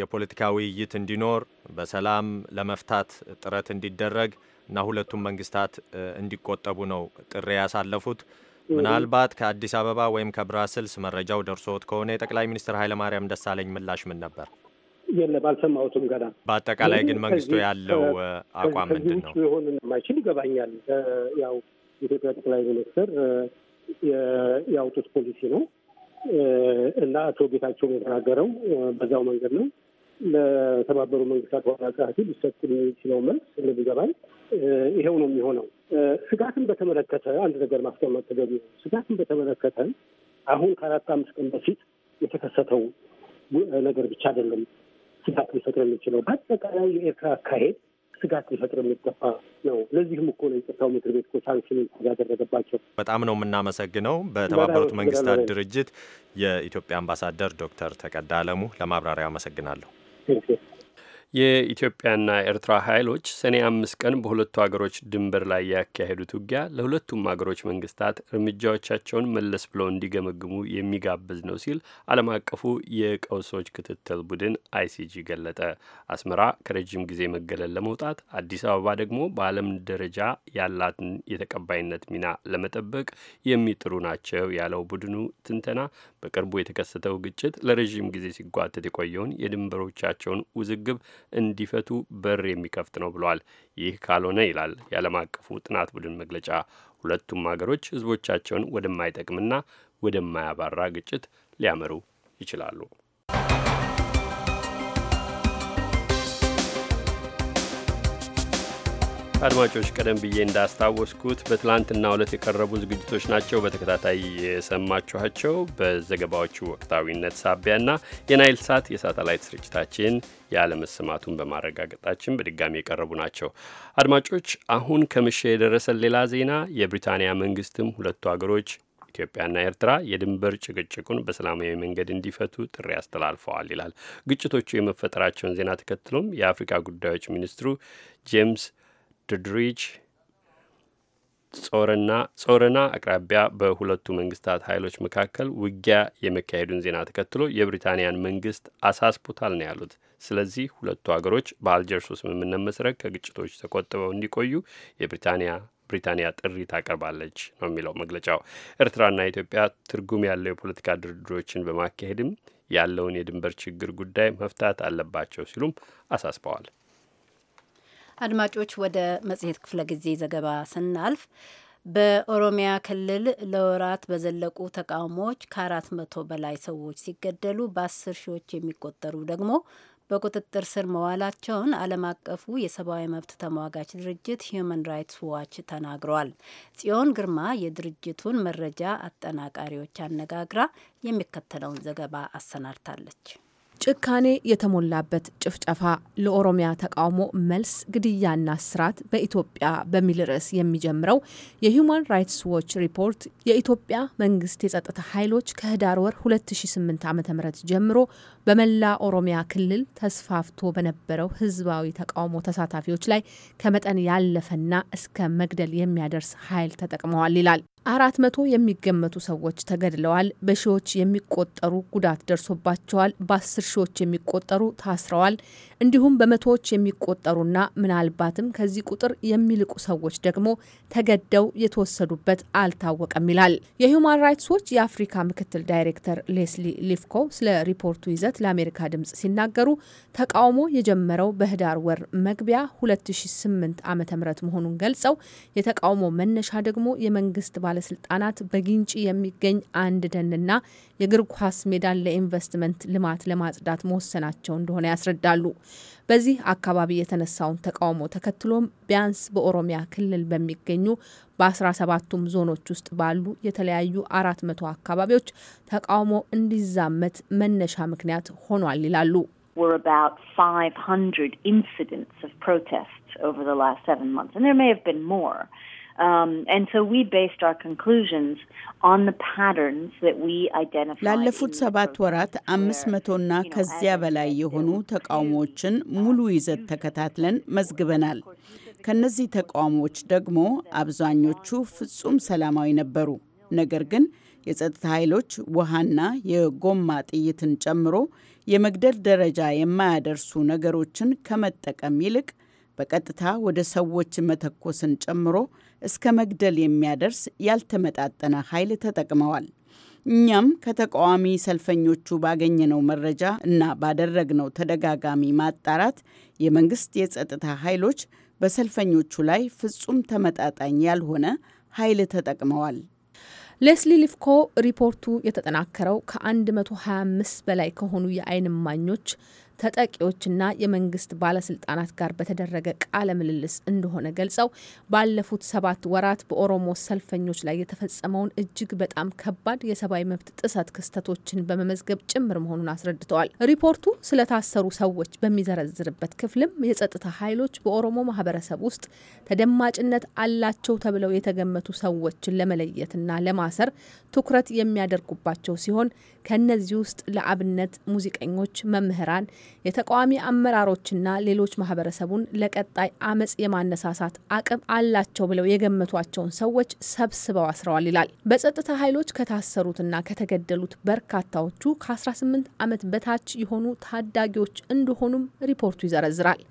የፖለቲካ ውይይት እንዲኖር፣ በሰላም ለመፍታት ጥረት እንዲደረግ እና ሁለቱም መንግስታት እንዲቆጠቡ ነው ጥሪ ያሳለፉት። ምናልባት ከአዲስ አበባ ወይም ከብራስልስ መረጃው ደርሶት ከሆነ የጠቅላይ ሚኒስትር ኃይለማርያም ደሳለኝ ምላሽ ምን ነበር? የለም አልሰማሁትም ገና። በአጠቃላይ ግን መንግስቱ ያለው አቋም ምንድን ነው? ሊሆን የማይችል ይገባኛል። ያው የኢትዮጵያ ጠቅላይ ሚኒስትር ያወጡት ፖሊሲ ነው እና አቶ ጌታቸው የተናገረው በዛው መንገድ ነው። ለተባበሩ መንግስታት ዋና ጸሐፊ ሊሰጥ የሚችለው መልስ እንዲገባኝ ይኸው ነው የሚሆነው። ስጋትን በተመለከተ አንድ ነገር ማስቀመጥ ተገቢ ነው። ስጋትን በተመለከተ አሁን ከአራት አምስት ቀን በፊት የተከሰተው ነገር ብቻ አይደለም ስጋት ሊፈጥር የሚችለው በአጠቃላይ የኤርትራ አካሄድ ስጋት ሊፈጥር የሚገባ ነው። ለዚህም እኮ ነው የጸጥታው ምክር ቤት እኮ ሳንክሽን ያደረገባቸው። በጣም ነው የምናመሰግነው። በተባበሩት መንግስታት ድርጅት የኢትዮጵያ አምባሳደር ዶክተር ተቀዳ አለሙ ለማብራሪያ አመሰግናለሁ። የኢትዮጵያና ኤርትራ ኃይሎች ሰኔ አምስት ቀን በሁለቱ ሀገሮች ድንበር ላይ ያካሄዱት ውጊያ ለሁለቱም ሀገሮች መንግስታት እርምጃዎቻቸውን መለስ ብለው እንዲገመግሙ የሚጋብዝ ነው ሲል ዓለም አቀፉ የቀውሶች ክትትል ቡድን አይሲጂ ገለጠ። አስመራ ከረጅም ጊዜ መገለል ለመውጣት፣ አዲስ አበባ ደግሞ በዓለም ደረጃ ያላትን የተቀባይነት ሚና ለመጠበቅ የሚጥሩ ናቸው ያለው ቡድኑ ትንተና በቅርቡ የተከሰተው ግጭት ለረዥም ጊዜ ሲጓተት የቆየውን የድንበሮቻቸውን ውዝግብ እንዲፈቱ በር የሚከፍት ነው ብሏል። ይህ ካልሆነ ይላል የዓለም አቀፉ ጥናት ቡድን መግለጫ፣ ሁለቱም ሀገሮች ህዝቦቻቸውን ወደማይጠቅምና ወደማያባራ ግጭት ሊያመሩ ይችላሉ። አድማጮች ቀደም ብዬ እንዳስታወስኩት በትላንትና ዕለት የቀረቡ ዝግጅቶች ናቸው በተከታታይ የሰማችኋቸው። በዘገባዎቹ ወቅታዊነት ሳቢያና የናይል ሳት የሳተላይት ስርጭታችን ያለመሰማቱን በማረጋገጣችን በድጋሚ የቀረቡ ናቸው። አድማጮች አሁን ከምሽ የደረሰን ሌላ ዜና የብሪታንያ መንግስትም ሁለቱ አገሮች ኢትዮጵያና ኤርትራ የድንበር ጭቅጭቁን በሰላማዊ መንገድ እንዲፈቱ ጥሪ አስተላልፈዋል ይላል። ግጭቶቹ የመፈጠራቸውን ዜና ተከትሎም የአፍሪካ ጉዳዮች ሚኒስትሩ ጄምስ ድድሪች ጾረና አቅራቢያ በሁለቱ መንግስታት ኃይሎች መካከል ውጊያ የመካሄዱን ዜና ተከትሎ የብሪታንያን መንግስት አሳስቦታል ነው ያሉት። ስለዚህ ሁለቱ ሀገሮች በአልጀርሱ ስምምነት መሰረት ከግጭቶች ተቆጥበው እንዲቆዩ የብሪታንያ ብሪታንያ ጥሪ ታቀርባለች ነው የሚለው መግለጫው። ኤርትራና ኢትዮጵያ ትርጉም ያለው የፖለቲካ ድርድሮችን በማካሄድም ያለውን የድንበር ችግር ጉዳይ መፍታት አለባቸው ሲሉም አሳስበዋል። አድማጮች ወደ መጽሔት ክፍለ ጊዜ ዘገባ ስናልፍ በኦሮሚያ ክልል ለወራት በዘለቁ ተቃውሞዎች ከአራት መቶ በላይ ሰዎች ሲገደሉ በአስር ሺዎች የሚቆጠሩ ደግሞ በቁጥጥር ስር መዋላቸውን ዓለም አቀፉ የሰብአዊ መብት ተሟጋች ድርጅት ሂዩማን ራይትስ ዋች ተናግሯል። ጽዮን ግርማ የድርጅቱን መረጃ አጠናቃሪዎች አነጋግራ የሚከተለውን ዘገባ አሰናድታለች። ጭካኔ የተሞላበት ጭፍጨፋ ለኦሮሚያ ተቃውሞ መልስ ግድያና ስርዓት በኢትዮጵያ በሚል ርዕስ የሚጀምረው የሂዩማን ራይትስ ዎች ሪፖርት የኢትዮጵያ መንግስት የጸጥታ ኃይሎች ከህዳር ወር 2008 ዓ ም ጀምሮ በመላ ኦሮሚያ ክልል ተስፋፍቶ በነበረው ህዝባዊ ተቃውሞ ተሳታፊዎች ላይ ከመጠን ያለፈና እስከ መግደል የሚያደርስ ኃይል ተጠቅመዋል ይላል። አራት መቶ የሚገመቱ ሰዎች ተገድለዋል። በሺዎች የሚቆጠሩ ጉዳት ደርሶባቸዋል። በአስር ሺዎች የሚቆጠሩ ታስረዋል። እንዲሁም በመቶዎች የሚቆጠሩና ምናልባትም ከዚህ ቁጥር የሚልቁ ሰዎች ደግሞ ተገደው የተወሰዱበት አልታወቀም ይላል የሁማን ራይትስ ዎች የአፍሪካ ምክትል ዳይሬክተር ሌስሊ ሊፍኮ ስለ ሪፖርቱ ይዘት ለአሜሪካ ድምጽ ሲናገሩ ተቃውሞ የጀመረው በህዳር ወር መግቢያ 2008 ዓ ም መሆኑን ገልጸው የተቃውሞ መነሻ ደግሞ የመንግስት ባለ ባለስልጣናት በጊንጪ የሚገኝ አንድ ደንና የእግር ኳስ ሜዳን ለኢንቨስትመንት ልማት ለማጽዳት መወሰናቸው እንደሆነ ያስረዳሉ። በዚህ አካባቢ የተነሳውን ተቃውሞ ተከትሎም ቢያንስ በኦሮሚያ ክልል በሚገኙ በ17ቱም ዞኖች ውስጥ ባሉ የተለያዩ አራት መቶ አካባቢዎች ተቃውሞ እንዲዛመት መነሻ ምክንያት ሆኗል ይላሉ። Um, ላለፉት ሰባት ወራት አምስት መቶና ከዚያ በላይ የሆኑ ተቃውሞዎችን uh, ሙሉ ይዘት ተከታትለን መዝግበናል። ከነዚህ ተቃውሞዎች ደግሞ አብዛኞቹ ፍጹም ሰላማዊ ነበሩ። ነገር ግን የጸጥታ ኃይሎች ውሃና የጎማ ጥይትን ጨምሮ የመግደል ደረጃ የማያደርሱ ነገሮችን ከመጠቀም ይልቅ በቀጥታ ወደ ሰዎች መተኮስን ጨምሮ እስከ መግደል የሚያደርስ ያልተመጣጠነ ኃይል ተጠቅመዋል። እኛም ከተቃዋሚ ሰልፈኞቹ ባገኘነው መረጃ እና ባደረግነው ተደጋጋሚ ማጣራት የመንግስት የጸጥታ ኃይሎች በሰልፈኞቹ ላይ ፍጹም ተመጣጣኝ ያልሆነ ኃይል ተጠቅመዋል። ሌስሊ ሊፍኮ ሪፖርቱ የተጠናከረው ከ125 በላይ ከሆኑ የአይን እማኞች ተጠቂዎችና የመንግስት ባለስልጣናት ጋር በተደረገ ቃለ ምልልስ እንደሆነ ገልጸው ባለፉት ሰባት ወራት በኦሮሞ ሰልፈኞች ላይ የተፈጸመውን እጅግ በጣም ከባድ የሰብአዊ መብት ጥሰት ክስተቶችን በመመዝገብ ጭምር መሆኑን አስረድተዋል። ሪፖርቱ ስለታሰሩ ሰዎች በሚዘረዝርበት ክፍልም የጸጥታ ኃይሎች በኦሮሞ ማህበረሰብ ውስጥ ተደማጭነት አላቸው ተብለው የተገመቱ ሰዎችን ለመለየትና ለማሰር ትኩረት የሚያደርጉባቸው ሲሆን ከእነዚህ ውስጥ ለአብነት ሙዚቀኞች፣ መምህራን የተቃዋሚ አመራሮችና ሌሎች ማህበረሰቡን ለቀጣይ አመጽ የማነሳሳት አቅም አላቸው ብለው የገመቷቸውን ሰዎች ሰብስበው አስረዋል ይላል። በጸጥታ ኃይሎች ከታሰሩትና ከተገደሉት በርካታዎቹ ከ18 ዓመት በታች የሆኑ ታዳጊዎች እንደሆኑም ሪፖርቱ ይዘረዝራል።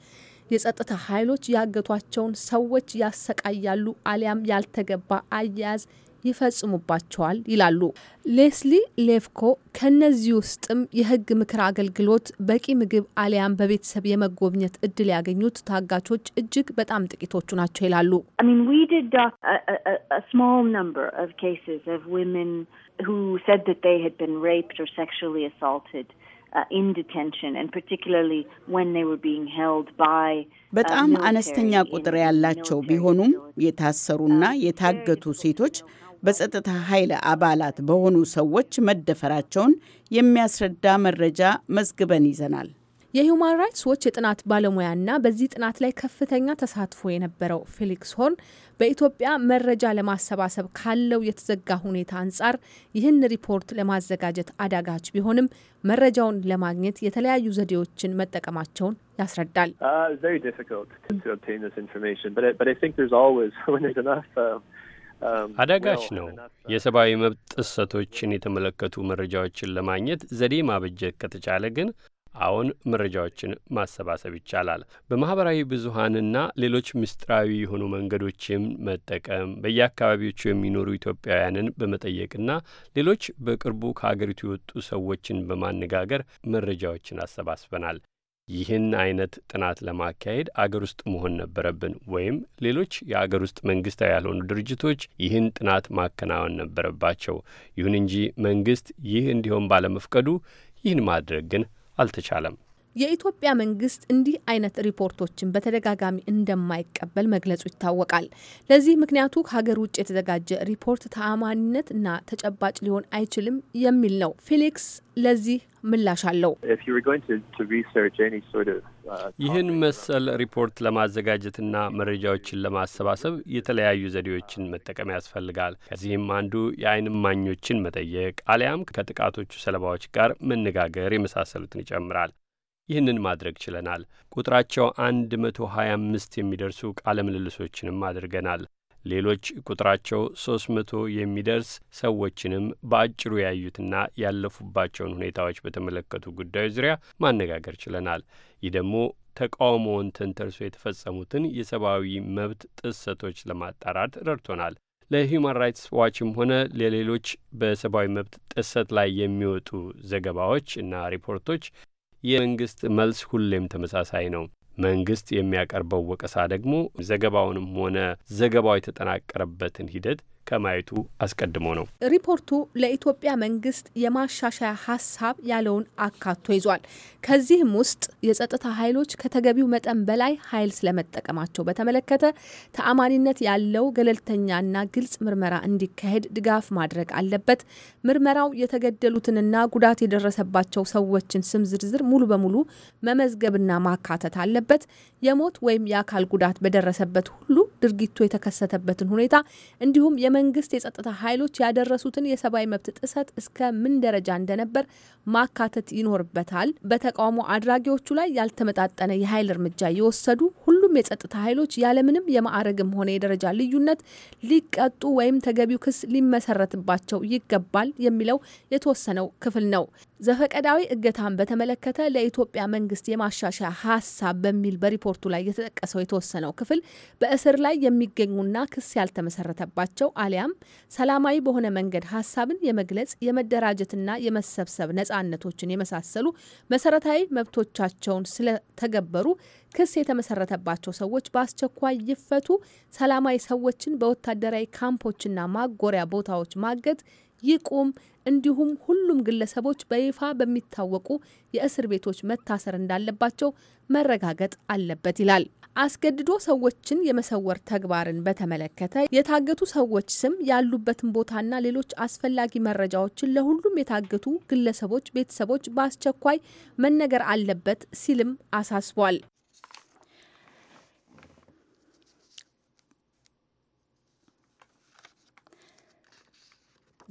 የጸጥታ ኃይሎች ያገቷቸውን ሰዎች ያሰቃያሉ፣ አሊያም ያልተገባ አያያዝ ይፈጽሙባቸዋል ይላሉ። ሌስሊ ሌቭኮ ከእነዚህ ውስጥም የህግ ምክር አገልግሎት በቂ ምግብ አሊያም በቤተሰብ የመጎብኘት እድል ያገኙት ታጋቾች እጅግ በጣም ጥቂቶቹ ናቸው ይላሉ። በጣም አነስተኛ ቁጥር ያላቸው ቢሆኑም የታሰሩና uh, የታገቱ ሴቶች በጸጥታ ኃይል አባላት በሆኑ ሰዎች መደፈራቸውን የሚያስረዳ መረጃ መዝግበን ይዘናል። የሁማን ራይትስ ዎች የጥናት ባለሙያና በዚህ ጥናት ላይ ከፍተኛ ተሳትፎ የነበረው ፊሊክስ ሆርን በኢትዮጵያ መረጃ ለማሰባሰብ ካለው የተዘጋ ሁኔታ አንጻር ይህን ሪፖርት ለማዘጋጀት አዳጋች ቢሆንም መረጃውን ለማግኘት የተለያዩ ዘዴዎችን መጠቀማቸውን ያስረዳል። uh, Um, አዳጋች ነው። uh, የሰብአዊ መብት ጥሰቶችን የተመለከቱ መረጃዎችን ለማግኘት ዘዴ ማበጀት ከተቻለ ግን አሁን መረጃዎችን ማሰባሰብ ይቻላል። በማህበራዊ ብዙሀንና ሌሎች ምስጢራዊ የሆኑ መንገዶችም መጠቀም በየአካባቢዎቹ የሚኖሩ ኢትዮጵያውያንን በመጠየቅና ሌሎች በቅርቡ ከሀገሪቱ የወጡ ሰዎችን በማነጋገር መረጃዎችን አሰባስበናል። ይህን አይነት ጥናት ለማካሄድ አገር ውስጥ መሆን ነበረብን፣ ወይም ሌሎች የአገር ውስጥ መንግስታዊ ያልሆኑ ድርጅቶች ይህን ጥናት ማከናወን ነበረባቸው። ይሁን እንጂ መንግስት ይህ እንዲሆን ባለመፍቀዱ ይህን ማድረግ ግን አልተቻለም። የኢትዮጵያ መንግስት እንዲህ አይነት ሪፖርቶችን በተደጋጋሚ እንደማይቀበል መግለጹ ይታወቃል። ለዚህ ምክንያቱ ከሀገር ውጭ የተዘጋጀ ሪፖርት ተአማኒነት እና ተጨባጭ ሊሆን አይችልም የሚል ነው። ፊሊክስ ለዚህ ምላሽ አለው። uh, ይህን መሰል ሪፖርት ለማዘጋጀትና መረጃዎችን ለማሰባሰብ የተለያዩ ዘዴዎችን መጠቀም ያስፈልጋል። ከዚህም አንዱ የዓይን እማኞችን መጠየቅ አሊያም ከጥቃቶቹ ሰለባዎች ጋር መነጋገር የመሳሰሉትን ይጨምራል። ይህንን ማድረግ ችለናል። ቁጥራቸው 125 የሚደርሱ ቃለ ምልልሶችንም አድርገናል። ሌሎች ቁጥራቸው 300 የሚደርስ ሰዎችንም በአጭሩ ያዩትና ያለፉባቸውን ሁኔታዎች በተመለከቱ ጉዳዮች ዙሪያ ማነጋገር ችለናል። ይህ ደግሞ ተቃውሞውን ተንተርሶ የተፈጸሙትን የሰብአዊ መብት ጥሰቶች ለማጣራት ረድቶናል። ለሂውማን ራይትስ ዋችም ሆነ ለሌሎች በሰብአዊ መብት ጥሰት ላይ የሚወጡ ዘገባዎች እና ሪፖርቶች የመንግስት መልስ ሁሌም ተመሳሳይ ነው። መንግስት የሚያቀርበው ወቀሳ ደግሞ ዘገባውንም ሆነ ዘገባው የተጠናቀረበትን ሂደት ከማየቱ አስቀድሞ ነው። ሪፖርቱ ለኢትዮጵያ መንግስት የማሻሻያ ሀሳብ ያለውን አካቶ ይዟል። ከዚህም ውስጥ የጸጥታ ኃይሎች ከተገቢው መጠን በላይ ኃይል ስለመጠቀማቸው በተመለከተ ተአማኒነት ያለው ገለልተኛና ግልጽ ምርመራ እንዲካሄድ ድጋፍ ማድረግ አለበት። ምርመራው የተገደሉትንና ጉዳት የደረሰባቸው ሰዎችን ስም ዝርዝር ሙሉ በሙሉ መመዝገብና ማካተት አለበት። የሞት ወይም የአካል ጉዳት በደረሰበት ሁሉ ድርጊቱ የተከሰተበትን ሁኔታ እንዲሁም የመንግስት የጸጥታ ኃይሎች ያደረሱትን የሰብአዊ መብት ጥሰት እስከ ምን ደረጃ እንደነበር ማካተት ይኖርበታል። በተቃውሞ አድራጊዎቹ ላይ ያልተመጣጠነ የኃይል እርምጃ የወሰዱ ሁሉም የጸጥታ ኃይሎች ያለምንም የማዕረግም ሆነ የደረጃ ልዩነት ሊቀጡ ወይም ተገቢው ክስ ሊመሰረትባቸው ይገባል የሚለው የተወሰነው ክፍል ነው። ዘፈቀዳዊ እገታን በተመለከተ ለኢትዮጵያ መንግስት የማሻሻያ ሀሳብ በሚል በሪፖርቱ ላይ የተጠቀሰው የተወሰነው ክፍል በእስር ላይ የሚገኙና ክስ ያልተመሰረተባቸው አሊያም ሰላማዊ በሆነ መንገድ ሀሳብን የመግለጽ የመደራጀትና የመሰብሰብ ነጻነቶችን የመሳሰሉ መሰረታዊ መብቶቻቸውን ስለተገበሩ ክስ የተመሰረተባቸው ሰዎች በአስቸኳይ ይፈቱ፣ ሰላማዊ ሰዎችን በወታደራዊ ካምፖችና ማጎሪያ ቦታዎች ማገት ይቁም እንዲሁም ሁሉም ግለሰቦች በይፋ በሚታወቁ የእስር ቤቶች መታሰር እንዳለባቸው መረጋገጥ አለበት ይላል። አስገድዶ ሰዎችን የመሰወር ተግባርን በተመለከተ የታገቱ ሰዎች ስም ያሉበትን ቦታና ሌሎች አስፈላጊ መረጃዎችን ለሁሉም የታገቱ ግለሰቦች ቤተሰቦች በአስቸኳይ መነገር አለበት ሲልም አሳስቧል።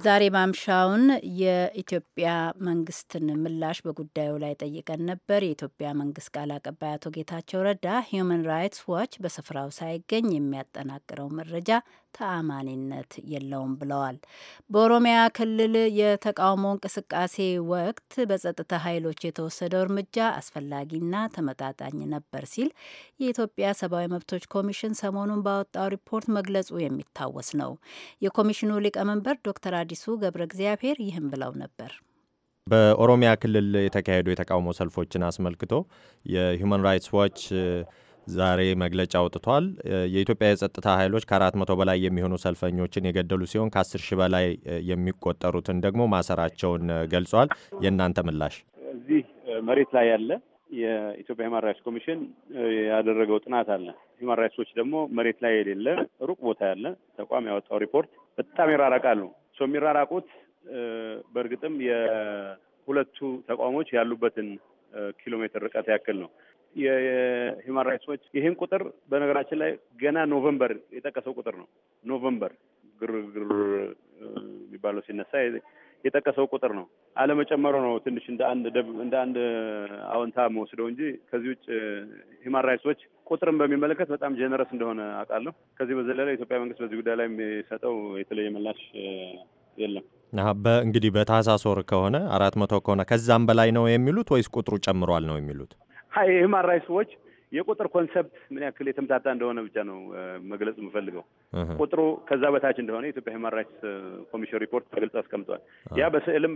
ዛሬ ማምሻውን የኢትዮጵያ መንግስትን ምላሽ በጉዳዩ ላይ ጠይቀን ነበር። የኢትዮጵያ መንግስት ቃል አቀባይ አቶ ጌታቸው ረዳ ሂዩማን ራይትስ ዋች በስፍራው ሳይገኝ የሚያጠናቅረው መረጃ ተአማኒነት የለውም ብለዋል። በኦሮሚያ ክልል የተቃውሞ እንቅስቃሴ ወቅት በጸጥታ ኃይሎች የተወሰደው እርምጃ አስፈላጊና ተመጣጣኝ ነበር ሲል የኢትዮጵያ ሰብአዊ መብቶች ኮሚሽን ሰሞኑን ባወጣው ሪፖርት መግለጹ የሚታወስ ነው። የኮሚሽኑ ሊቀመንበር ዶክተር አዲሱ ገብረ እግዚአብሔር ይህም ብለው ነበር። በኦሮሚያ ክልል የተካሄዱ የተቃውሞ ሰልፎችን አስመልክቶ የሁማን ራይትስ ዋች ዛሬ መግለጫ አውጥቷል። የኢትዮጵያ የጸጥታ ኃይሎች ከአራት መቶ በላይ የሚሆኑ ሰልፈኞችን የገደሉ ሲሆን ከአስር ሺህ በላይ የሚቆጠሩትን ደግሞ ማሰራቸውን ገልጿል። የእናንተ ምላሽ? እዚህ መሬት ላይ ያለ የኢትዮጵያ ሂማን ራይትስ ኮሚሽን ያደረገው ጥናት አለ። ሂማን ራይትሶች ደግሞ መሬት ላይ የሌለ ሩቅ ቦታ ያለ ተቋም ያወጣው ሪፖርት በጣም ይራራቃሉ። የሚራራቁት በእርግጥም የሁለቱ ተቋሞች ያሉበትን ኪሎ ሜትር ርቀት ያክል ነው። የሂማን ራይትስ ዎች ይህን ቁጥር በነገራችን ላይ ገና ኖቨምበር የጠቀሰው ቁጥር ነው። ኖቨምበር ግርግር የሚባለው ሲነሳ የጠቀሰው ቁጥር ነው። አለመጨመሩ ነው ትንሽ እንደ አንድ እንደ አንድ አዎንታ መወስደው እንጂ ከዚህ ውጭ ሂማን ራይትስ ዎች ቁጥርን በሚመለከት በጣም ጀነረስ እንደሆነ አውቃለሁ። ከዚህ በዘለለ የኢትዮጵያ መንግስት በዚህ ጉዳይ ላይ የሚሰጠው የተለየ ምላሽ የለም። እንግዲህ በታህሳስ ወር ከሆነ አራት መቶ ከሆነ ከዛም በላይ ነው የሚሉት ወይስ ቁጥሩ ጨምሯል ነው የሚሉት? የሂማን ራይትስ ዎች የቁጥር ኮንሰፕት ምን ያክል የተምታታ እንደሆነ ብቻ ነው መግለጽ የምፈልገው። ቁጥሩ ከዛ በታች እንደሆነ የኢትዮጵያ ሂማን ራይትስ ኮሚሽን ሪፖርት በግልጽ አስቀምጧል። ያ በስዕልም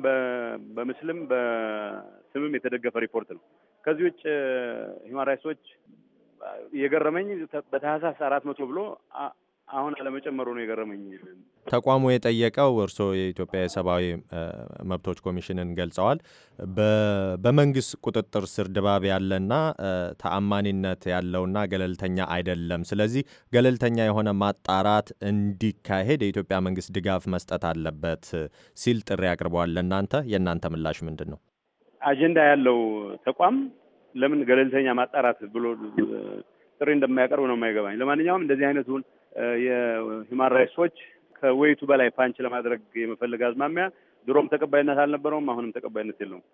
በምስልም በስምም የተደገፈ ሪፖርት ነው። ከዚህ ውጭ ሂማን ራይትስ ዎች የገረመኝ በታህሳስ አራት መቶ ብሎ አሁን አለመጨመሩ ነው የገረመኝ። ተቋሙ የጠየቀው እርስዎ የኢትዮጵያ የሰብአዊ መብቶች ኮሚሽንን ገልጸዋል። በመንግስት ቁጥጥር ስር ድባብ ያለና ተአማኒነት ያለውና ገለልተኛ አይደለም። ስለዚህ ገለልተኛ የሆነ ማጣራት እንዲካሄድ የኢትዮጵያ መንግስት ድጋፍ መስጠት አለበት ሲል ጥሪ አቅርበዋል። ለእናንተ የእናንተ ምላሽ ምንድን ነው? አጀንዳ ያለው ተቋም ለምን ገለልተኛ ማጣራት ብሎ ጥሪ እንደማያቀርብ ነው የማይገባኝ። ለማንኛውም እንደዚህ አይነቱን የሂማን ራይትስ ዎች ከወይቱ በላይ ፓንች ለማድረግ የመፈለግ አዝማሚያ ድሮም ተቀባይነት አልነበረውም፣ አሁንም ተቀባይነት የለውም።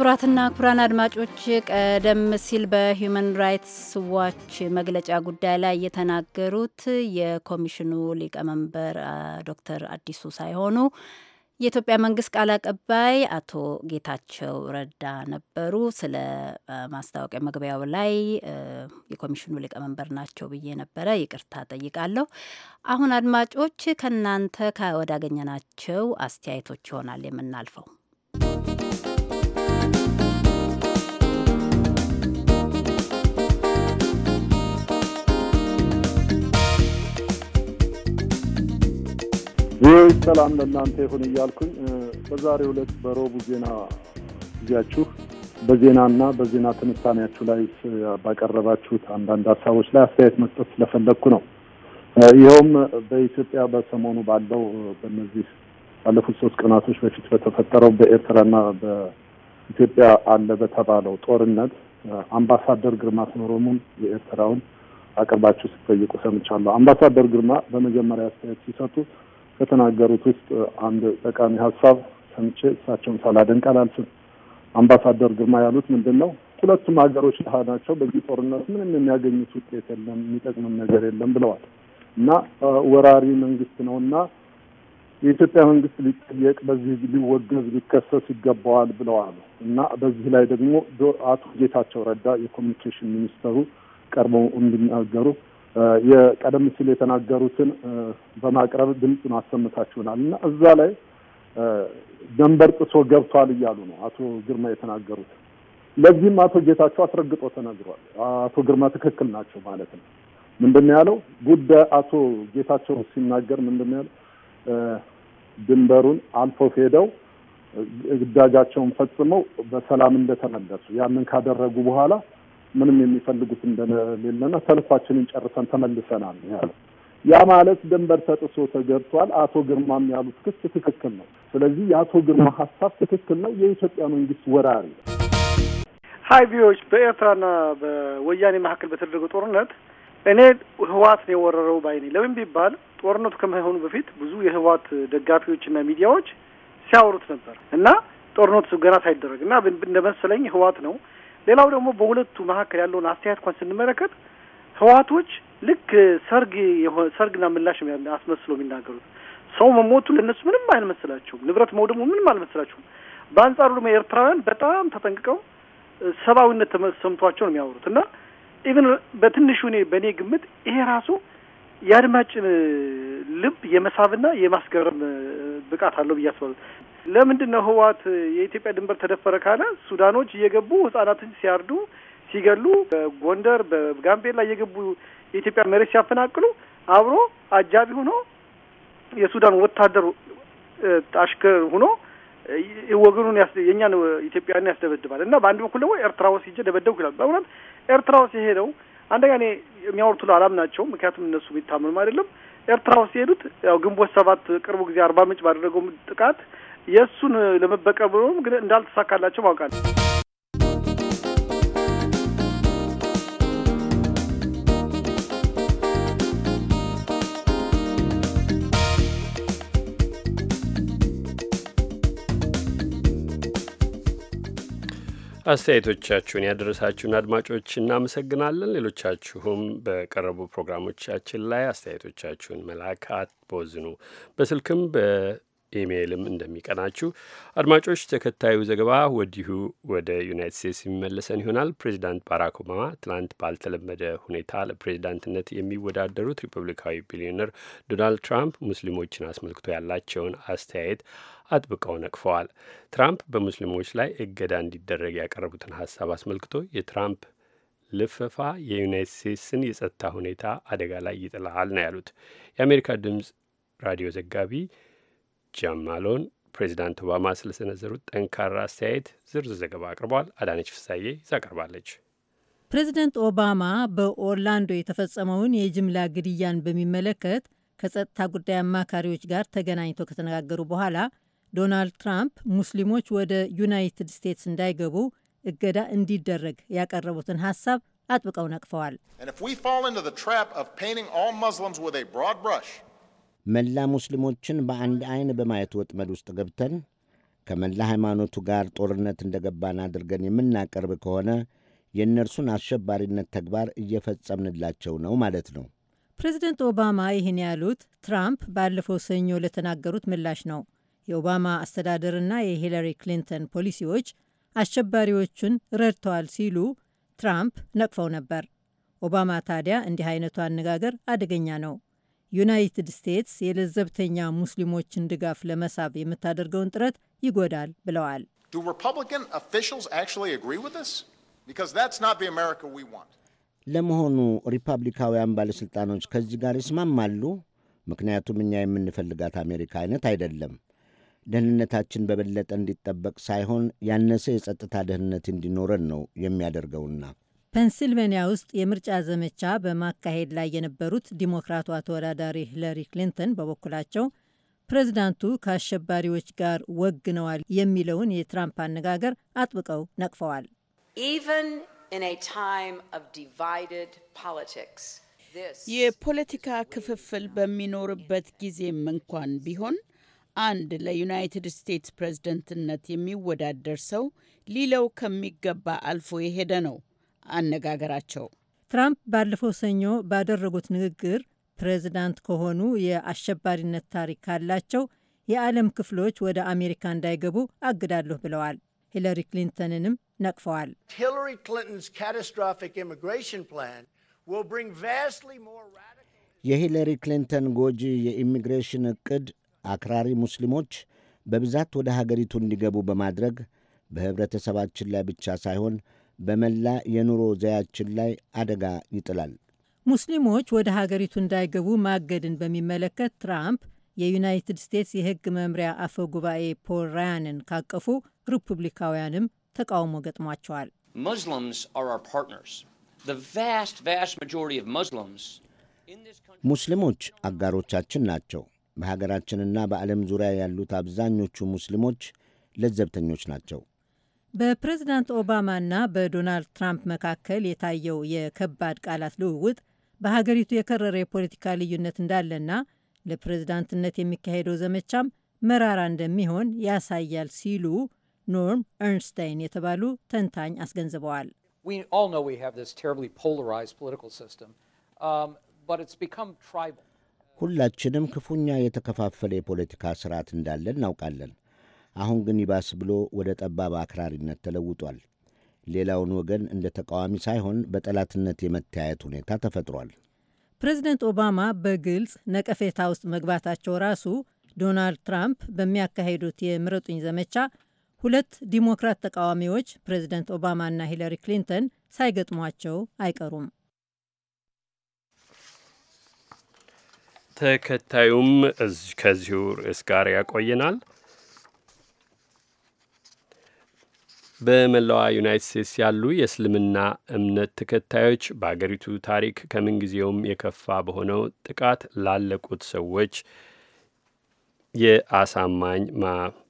ክቡራትና ክቡራን አድማጮች ቀደም ሲል በሂዩማን ራይትስ ዋች መግለጫ ጉዳይ ላይ የተናገሩት የኮሚሽኑ ሊቀመንበር ዶክተር አዲሱ ሳይሆኑ የኢትዮጵያ መንግስት ቃል አቀባይ አቶ ጌታቸው ረዳ ነበሩ። ስለ ማስታወቂያ መግቢያው ላይ የኮሚሽኑ ሊቀመንበር ናቸው ብዬ ነበረ፣ ይቅርታ ጠይቃለሁ። አሁን አድማጮች ከእናንተ ወዳገኘናቸው አስተያየቶች ይሆናል የምናልፈው። ይህ ሰላም ለእናንተ ይሁን እያልኩኝ በዛሬው ዕለት በሮቡ ዜና ጊዜያችሁ በዜናና በዜና ትንታኔያችሁ ላይ ባቀረባችሁት አንዳንድ ሀሳቦች ላይ አስተያየት መስጠት ስለፈለግኩ ነው። ይኸውም በኢትዮጵያ በሰሞኑ ባለው በነዚህ ባለፉት ሶስት ቀናቶች በፊት በተፈጠረው በኤርትራና በኢትዮጵያ አለ በተባለው ጦርነት አምባሳደር ግርማ ስመሮሙን የኤርትራውን አቅርባችሁ ስትጠይቁ ሰምቻለሁ። አምባሳደር ግርማ በመጀመሪያ አስተያየት ሲሰጡ ከተናገሩት ውስጥ አንድ ጠቃሚ ሀሳብ ሰምቼ እሳቸውን ሳላደንቅ አላልፍም። አምባሳደር ግርማ ያሉት ምንድን ነው? ሁለቱም ሀገሮች ድሀ ናቸው። በዚህ ጦርነት ምንም የሚያገኙት ውጤት የለም፣ የሚጠቅምም ነገር የለም ብለዋል እና ወራሪ መንግስት ነው እና የኢትዮጵያ መንግስት ሊጠየቅ በዚህ ሊወገዝ ሊከሰስ ይገባዋል ብለዋል እና በዚህ ላይ ደግሞ አቶ ጌታቸው ረዳ የኮሚኒኬሽን ሚኒስተሩ ቀርበው እንዲናገሩ የቀደም ሲል የተናገሩትን በማቅረብ ድምፁን አሰምታችሁናል እና እዛ ላይ ደንበር ጥሶ ገብቷል እያሉ ነው አቶ ግርማ የተናገሩት። ለዚህም አቶ ጌታቸው አስረግጦ ተነግሯል። አቶ ግርማ ትክክል ናቸው ማለት ነው። ምንድን ያለው ጉዳይ አቶ ጌታቸው ሲናገር ምንድን ያለው? ድንበሩን አልፎ ሄደው ግዳጃቸውን ፈጽመው በሰላም እንደተመለሱ ያንን ካደረጉ በኋላ ምንም የሚፈልጉት እንደሌለና ሰልፋችንን ጨርሰን ተመልሰናል ያለው ያ ማለት ድንበር ተጥሶ ተገብቷል። አቶ ግርማም ያሉት ክስ ትክክል ነው። ስለዚህ የአቶ ግርማ ሀሳብ ትክክል ነው። የኢትዮጵያ መንግስት ወራሪ ሀይ ቪዎች በኤርትራና በወያኔ መካከል በተደረገው ጦርነት እኔ ህወሓት ነው የወረረው ባይኔ። ለምን ቢባል ጦርነቱ ከመሆኑ በፊት ብዙ የህወሓት ደጋፊዎችና ሚዲያዎች ሲያወሩት ነበር እና ጦርነቱ ገና ሳይደረግ እና እንደ ህወሓት ነው ሌላው ደግሞ በሁለቱ መካከል ያለውን አስተያየት እንኳን ስንመለከት ህዋቶች ልክ ሰርግ ሰርግና ምላሽ አስመስሎ የሚናገሩት ሰው መሞቱ ለእነሱ ምንም አይመስላቸውም። ንብረት መውደሙ ምንም አልመስላቸውም። በአንጻሩ ደግሞ ኤርትራውያን በጣም ተጠንቅቀው ሰብአዊነት ተሰምቷቸው ነው የሚያወሩት እና ኢቨን በትንሹ እኔ በእኔ ግምት ይሄ ራሱ የአድማጭን ልብ የመሳብና የማስገረም ብቃት አለው ብዬ አስባለሁ። ለምንድን ነው ህወሓት የኢትዮጵያ ድንበር ተደፈረ ካለ ሱዳኖች እየገቡ ህጻናትን ሲያርዱ ሲገሉ፣ በጎንደር በጋምቤላ እየገቡ የኢትዮጵያ መሬት ሲያፈናቅሉ አብሮ አጃቢ ሆኖ የሱዳን ወታደር አሽከር ሆኖ ወገኑን የእኛን ኢትዮጵያን ያስደበድባል እና በአንድ በኩል ደግሞ ኤርትራ ውስጥ ሂጄ ደበደቡ ይላል። በእውነት ኤርትራ ውስጥ የሄደው አንደኛ እኔ የሚያወርቱ ምክንያቱም እነሱ የሚታመኑም አይደለም። ኤርትራ ውስጥ የሄዱት ያው ግንቦት ሰባት ቅርቡ ጊዜ አርባ ምንጭ ባደረገው ጥቃት የእሱን ለመበቀል ብሎም ግን እንዳልተሳካላቸው ማውቃለሁ። አስተያየቶቻችሁን ያደረሳችሁን አድማጮች እናመሰግናለን። ሌሎቻችሁም በቀረቡ ፕሮግራሞቻችን ላይ አስተያየቶቻችሁን መላክ አትቦዝኑ። በስልክም ኢሜይልም እንደሚቀናችሁ አድማጮች፣ ተከታዩ ዘገባ ወዲሁ ወደ ዩናይት ስቴትስ የሚመለሰን ይሆናል። ፕሬዚዳንት ባራክ ኦባማ ትናንት ባልተለመደ ሁኔታ ለፕሬዚዳንትነት የሚወዳደሩት ሪፐብሊካዊ ቢሊዮነር ዶናልድ ትራምፕ ሙስሊሞችን አስመልክቶ ያላቸውን አስተያየት አጥብቀው ነቅፈዋል። ትራምፕ በሙስሊሞች ላይ እገዳ እንዲደረግ ያቀረቡትን ሀሳብ አስመልክቶ የትራምፕ ልፈፋ የዩናይት ስቴትስን የጸጥታ ሁኔታ አደጋ ላይ ይጥላል ነው ያሉት የአሜሪካ ድምፅ ራዲዮ ዘጋቢ ጃማሎን ፕሬዚዳንት ኦባማ ስለሰነዘሩት ጠንካራ አስተያየት ዝርዝር ዘገባ አቅርቧል። አዳነች ፍሳዬ ይዛቀርባለች። ፕሬዚደንት ኦባማ በኦርላንዶ የተፈጸመውን የጅምላ ግድያን በሚመለከት ከጸጥታ ጉዳይ አማካሪዎች ጋር ተገናኝተው ከተነጋገሩ በኋላ ዶናልድ ትራምፕ ሙስሊሞች ወደ ዩናይትድ ስቴትስ እንዳይገቡ እገዳ እንዲደረግ ያቀረቡትን ሀሳብ አጥብቀው ነቅፈዋል። መላ ሙስሊሞችን በአንድ ዐይን በማየት ወጥመድ ውስጥ ገብተን ከመላ ሃይማኖቱ ጋር ጦርነት እንደገባን አድርገን የምናቀርብ ከሆነ የእነርሱን አሸባሪነት ተግባር እየፈጸምንላቸው ነው ማለት ነው። ፕሬዚደንት ኦባማ ይህን ያሉት ትራምፕ ባለፈው ሰኞ ለተናገሩት ምላሽ ነው። የኦባማ አስተዳደርና የሂለሪ ክሊንተን ፖሊሲዎች አሸባሪዎቹን ረድተዋል ሲሉ ትራምፕ ነቅፈው ነበር። ኦባማ ታዲያ እንዲህ አይነቱ አነጋገር አደገኛ ነው ዩናይትድ ስቴትስ የለዘብተኛ ሙስሊሞችን ድጋፍ ለመሳብ የምታደርገውን ጥረት ይጎዳል ብለዋል። ለመሆኑ ሪፐብሊካውያን ባለሥልጣኖች ከዚህ ጋር ይስማማሉ? ምክንያቱም እኛ የምንፈልጋት አሜሪካ አይነት አይደለም። ደህንነታችን በበለጠ እንዲጠበቅ ሳይሆን ያነሰ የጸጥታ ደህንነት እንዲኖረን ነው የሚያደርገውና ፔንሲልቬንያ ውስጥ የምርጫ ዘመቻ በማካሄድ ላይ የነበሩት ዲሞክራቷ ተወዳዳሪ ሂለሪ ክሊንተን በበኩላቸው ፕሬዚዳንቱ ከአሸባሪዎች ጋር ወግነዋል የሚለውን የትራምፕ አነጋገር አጥብቀው ነቅፈዋል። የፖለቲካ ክፍፍል በሚኖርበት ጊዜም እንኳን ቢሆን አንድ ለዩናይትድ ስቴትስ ፕሬዝደንትነት የሚወዳደር ሰው ሊለው ከሚገባ አልፎ የሄደ ነው። አነጋገራቸው። ትራምፕ ባለፈው ሰኞ ባደረጉት ንግግር ፕሬዚዳንት ከሆኑ የአሸባሪነት ታሪክ ካላቸው የዓለም ክፍሎች ወደ አሜሪካ እንዳይገቡ አግዳለሁ ብለዋል። ሂለሪ ክሊንተንንም ነቅፈዋል። የሂለሪ ክሊንተን ጎጂ የኢሚግሬሽን ዕቅድ አክራሪ ሙስሊሞች በብዛት ወደ ሀገሪቱ እንዲገቡ በማድረግ በኅብረተሰባችን ላይ ብቻ ሳይሆን በመላ የኑሮ ዘያችን ላይ አደጋ ይጥላል። ሙስሊሞች ወደ ሀገሪቱ እንዳይገቡ ማገድን በሚመለከት ትራምፕ የዩናይትድ ስቴትስ የሕግ መምሪያ አፈ ጉባኤ ፖል ራያንን ካቀፉ ሪፑብሊካውያንም ተቃውሞ ገጥሟቸዋል። ሙስሊሞች አጋሮቻችን ናቸው። በሀገራችንና በዓለም ዙሪያ ያሉት አብዛኞቹ ሙስሊሞች ለዘብተኞች ናቸው። ኦባማ ኦባማና በዶናልድ ትራምፕ መካከል የታየው የከባድ ቃላት ልውውጥ በሀገሪቱ የከረረ የፖለቲካ ልዩነት እንዳለና ለፕሬዝዳንትነት የሚካሄደው ዘመቻም መራራ እንደሚሆን ያሳያል ሲሉ ኖርም ኤርንስታይን የተባሉ ተንታኝ አስገንዝበዋል። um, ሁላችንም ክፉኛ የተከፋፈለ የፖለቲካ ስርዓት እንዳለ እናውቃለን። አሁን ግን ይባስ ብሎ ወደ ጠባብ አክራሪነት ተለውጧል። ሌላውን ወገን እንደ ተቃዋሚ ሳይሆን በጠላትነት የመተያየት ሁኔታ ተፈጥሯል። ፕሬዚደንት ኦባማ በግልጽ ነቀፌታ ውስጥ መግባታቸው ራሱ ዶናልድ ትራምፕ በሚያካሂዱት የምረጡኝ ዘመቻ ሁለት ዲሞክራት ተቃዋሚዎች ፕሬዚደንት እና ሂለሪ ክሊንተን ሳይገጥሟቸው አይቀሩም። ተከታዩም ከዚሁ ርዕስ ጋር ያቆየናል። በመላዋ ዩናይት ስቴትስ ያሉ የእስልምና እምነት ተከታዮች በአገሪቱ ታሪክ ከምንጊዜውም የከፋ በሆነው ጥቃት ላለቁት ሰዎች የአሳማኝ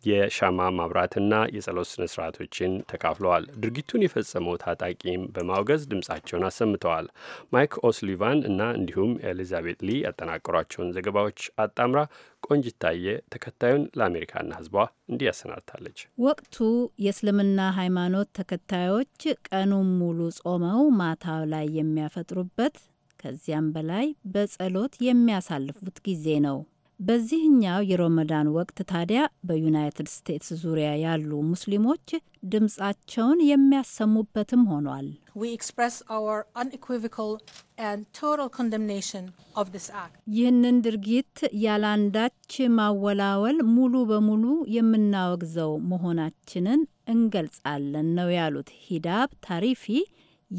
የሻማ ማብራትና የጸሎት ስነ ስርዓቶችን ተካፍለዋል። ድርጊቱን የፈጸመው ታጣቂም በማውገዝ ድምፃቸውን አሰምተዋል። ማይክ ኦስሊቫን እና እንዲሁም ኤሊዛቤት ሊ ያጠናቀሯቸውን ዘገባዎች አጣምራ ቆንጅታየ ተከታዩን ለአሜሪካና ህዝቧ እንዲህ ያሰናድታለች። ወቅቱ የእስልምና ሃይማኖት ተከታዮች ቀኑን ሙሉ ጾመው ማታው ላይ የሚያፈጥሩበት ከዚያም በላይ በጸሎት የሚያሳልፉት ጊዜ ነው። በዚህኛው የሮመዳን ወቅት ታዲያ በዩናይትድ ስቴትስ ዙሪያ ያሉ ሙስሊሞች ድምፃቸውን የሚያሰሙበትም ሆኗል። ይህንን ድርጊት ያላንዳች ማወላወል ሙሉ በሙሉ የምናወግዘው መሆናችንን እንገልጻለን ነው ያሉት ሂዳብ ታሪፊ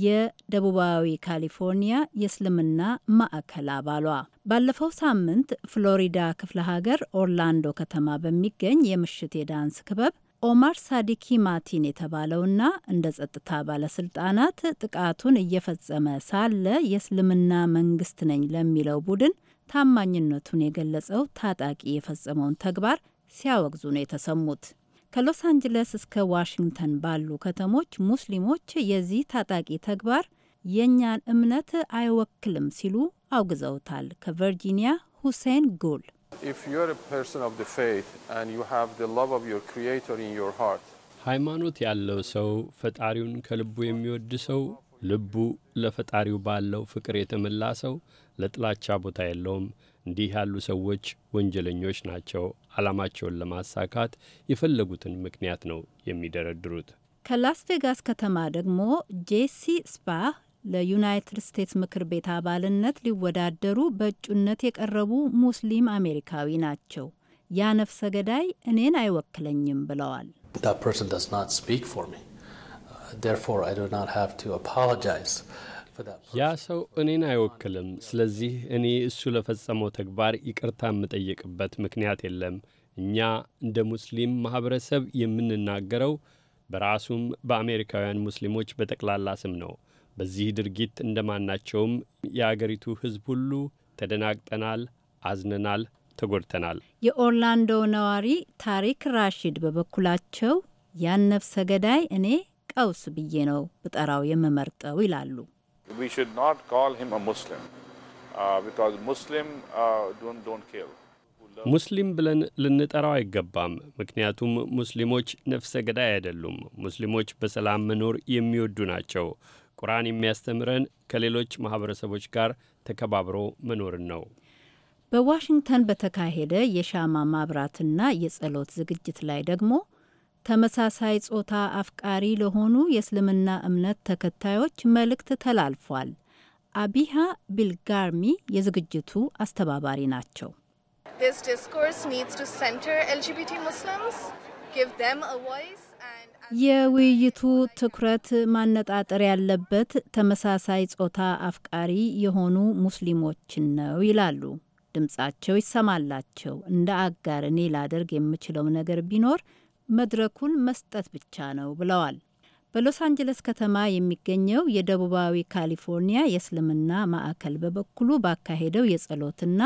የደቡባዊ ካሊፎርኒያ የእስልምና ማዕከል አባሏ። ባለፈው ሳምንት ፍሎሪዳ ክፍለ ሀገር ኦርላንዶ ከተማ በሚገኝ የምሽት የዳንስ ክበብ ኦማር ሳዲኪ ማቲን የተባለውና እንደ ጸጥታ ባለስልጣናት ጥቃቱን እየፈጸመ ሳለ የእስልምና መንግስት ነኝ ለሚለው ቡድን ታማኝነቱን የገለጸው ታጣቂ የፈጸመውን ተግባር ሲያወግዙ ነው የተሰሙት። ከሎስ አንጅለስ እስከ ዋሽንግተን ባሉ ከተሞች ሙስሊሞች የዚህ ታጣቂ ተግባር የእኛን እምነት አይወክልም ሲሉ አውግዘውታል። ከቨርጂኒያ ሁሴን ጉል ሃይማኖት ያለው ሰው ፈጣሪውን ከልቡ የሚወድ ሰው ልቡ ለፈጣሪው ባለው ፍቅር የተመላ ሰው ለጥላቻ ቦታ የለውም። እንዲህ ያሉ ሰዎች ወንጀለኞች ናቸው። ዓላማቸውን ለማሳካት የፈለጉትን ምክንያት ነው የሚደረድሩት። ከላስ ቬጋስ ከተማ ደግሞ ጄሲ ስፓህ ለዩናይትድ ስቴትስ ምክር ቤት አባልነት ሊወዳደሩ በእጩነት የቀረቡ ሙስሊም አሜሪካዊ ናቸው። ያ ነፍሰ ገዳይ እኔን አይወክለኝም ብለዋል። ፐርሰን ዶዝ ናት ስፒክ ፎር ሚ ዜርፎር አይ ዶ ሃቭ ቱ አፖሎጃይዝ ያ ሰው እኔን አይወክልም። ስለዚህ እኔ እሱ ለፈጸመው ተግባር ይቅርታ የምጠየቅበት ምክንያት የለም። እኛ እንደ ሙስሊም ማኅበረሰብ የምንናገረው በራሱም በአሜሪካውያን ሙስሊሞች በጠቅላላ ስም ነው። በዚህ ድርጊት ማናቸውም የአገሪቱ ሕዝብ ሁሉ ተደናግጠናል፣ አዝነናል፣ ተጎድተናል። የኦርላንዶ ነዋሪ ታሪክ ራሺድ በበኩላቸው ያን ነፍሰ ገዳይ እኔ ቀውስ ብዬ ነው ብጠራው የምመርጠው ይላሉ። we should not call him a Muslim uh, because Muslim uh, don't, don't kill. ሙስሊም ብለን ልንጠራው አይገባም። ምክንያቱም ሙስሊሞች ነፍሰ ገዳይ አይደሉም። ሙስሊሞች በሰላም መኖር የሚወዱ ናቸው። ቁርአን የሚያስተምረን ከሌሎች ማህበረሰቦች ጋር ተከባብሮ መኖርን ነው። በዋሽንግተን በተካሄደ የሻማ ማብራትና የጸሎት ዝግጅት ላይ ደግሞ ተመሳሳይ ጾታ አፍቃሪ ለሆኑ የእስልምና እምነት ተከታዮች መልእክት ተላልፏል። አቢሃ ቢልጋርሚ የዝግጅቱ አስተባባሪ ናቸው። የውይይቱ ትኩረት ማነጣጠር ያለበት ተመሳሳይ ጾታ አፍቃሪ የሆኑ ሙስሊሞችን ነው ይላሉ። ድምጻቸው ይሰማላቸው። እንደ አጋር እኔ ላደርግ የምችለው ነገር ቢኖር መድረኩን መስጠት ብቻ ነው ብለዋል። በሎስ አንጀለስ ከተማ የሚገኘው የደቡባዊ ካሊፎርኒያ የእስልምና ማዕከል በበኩሉ ባካሄደው የጸሎትና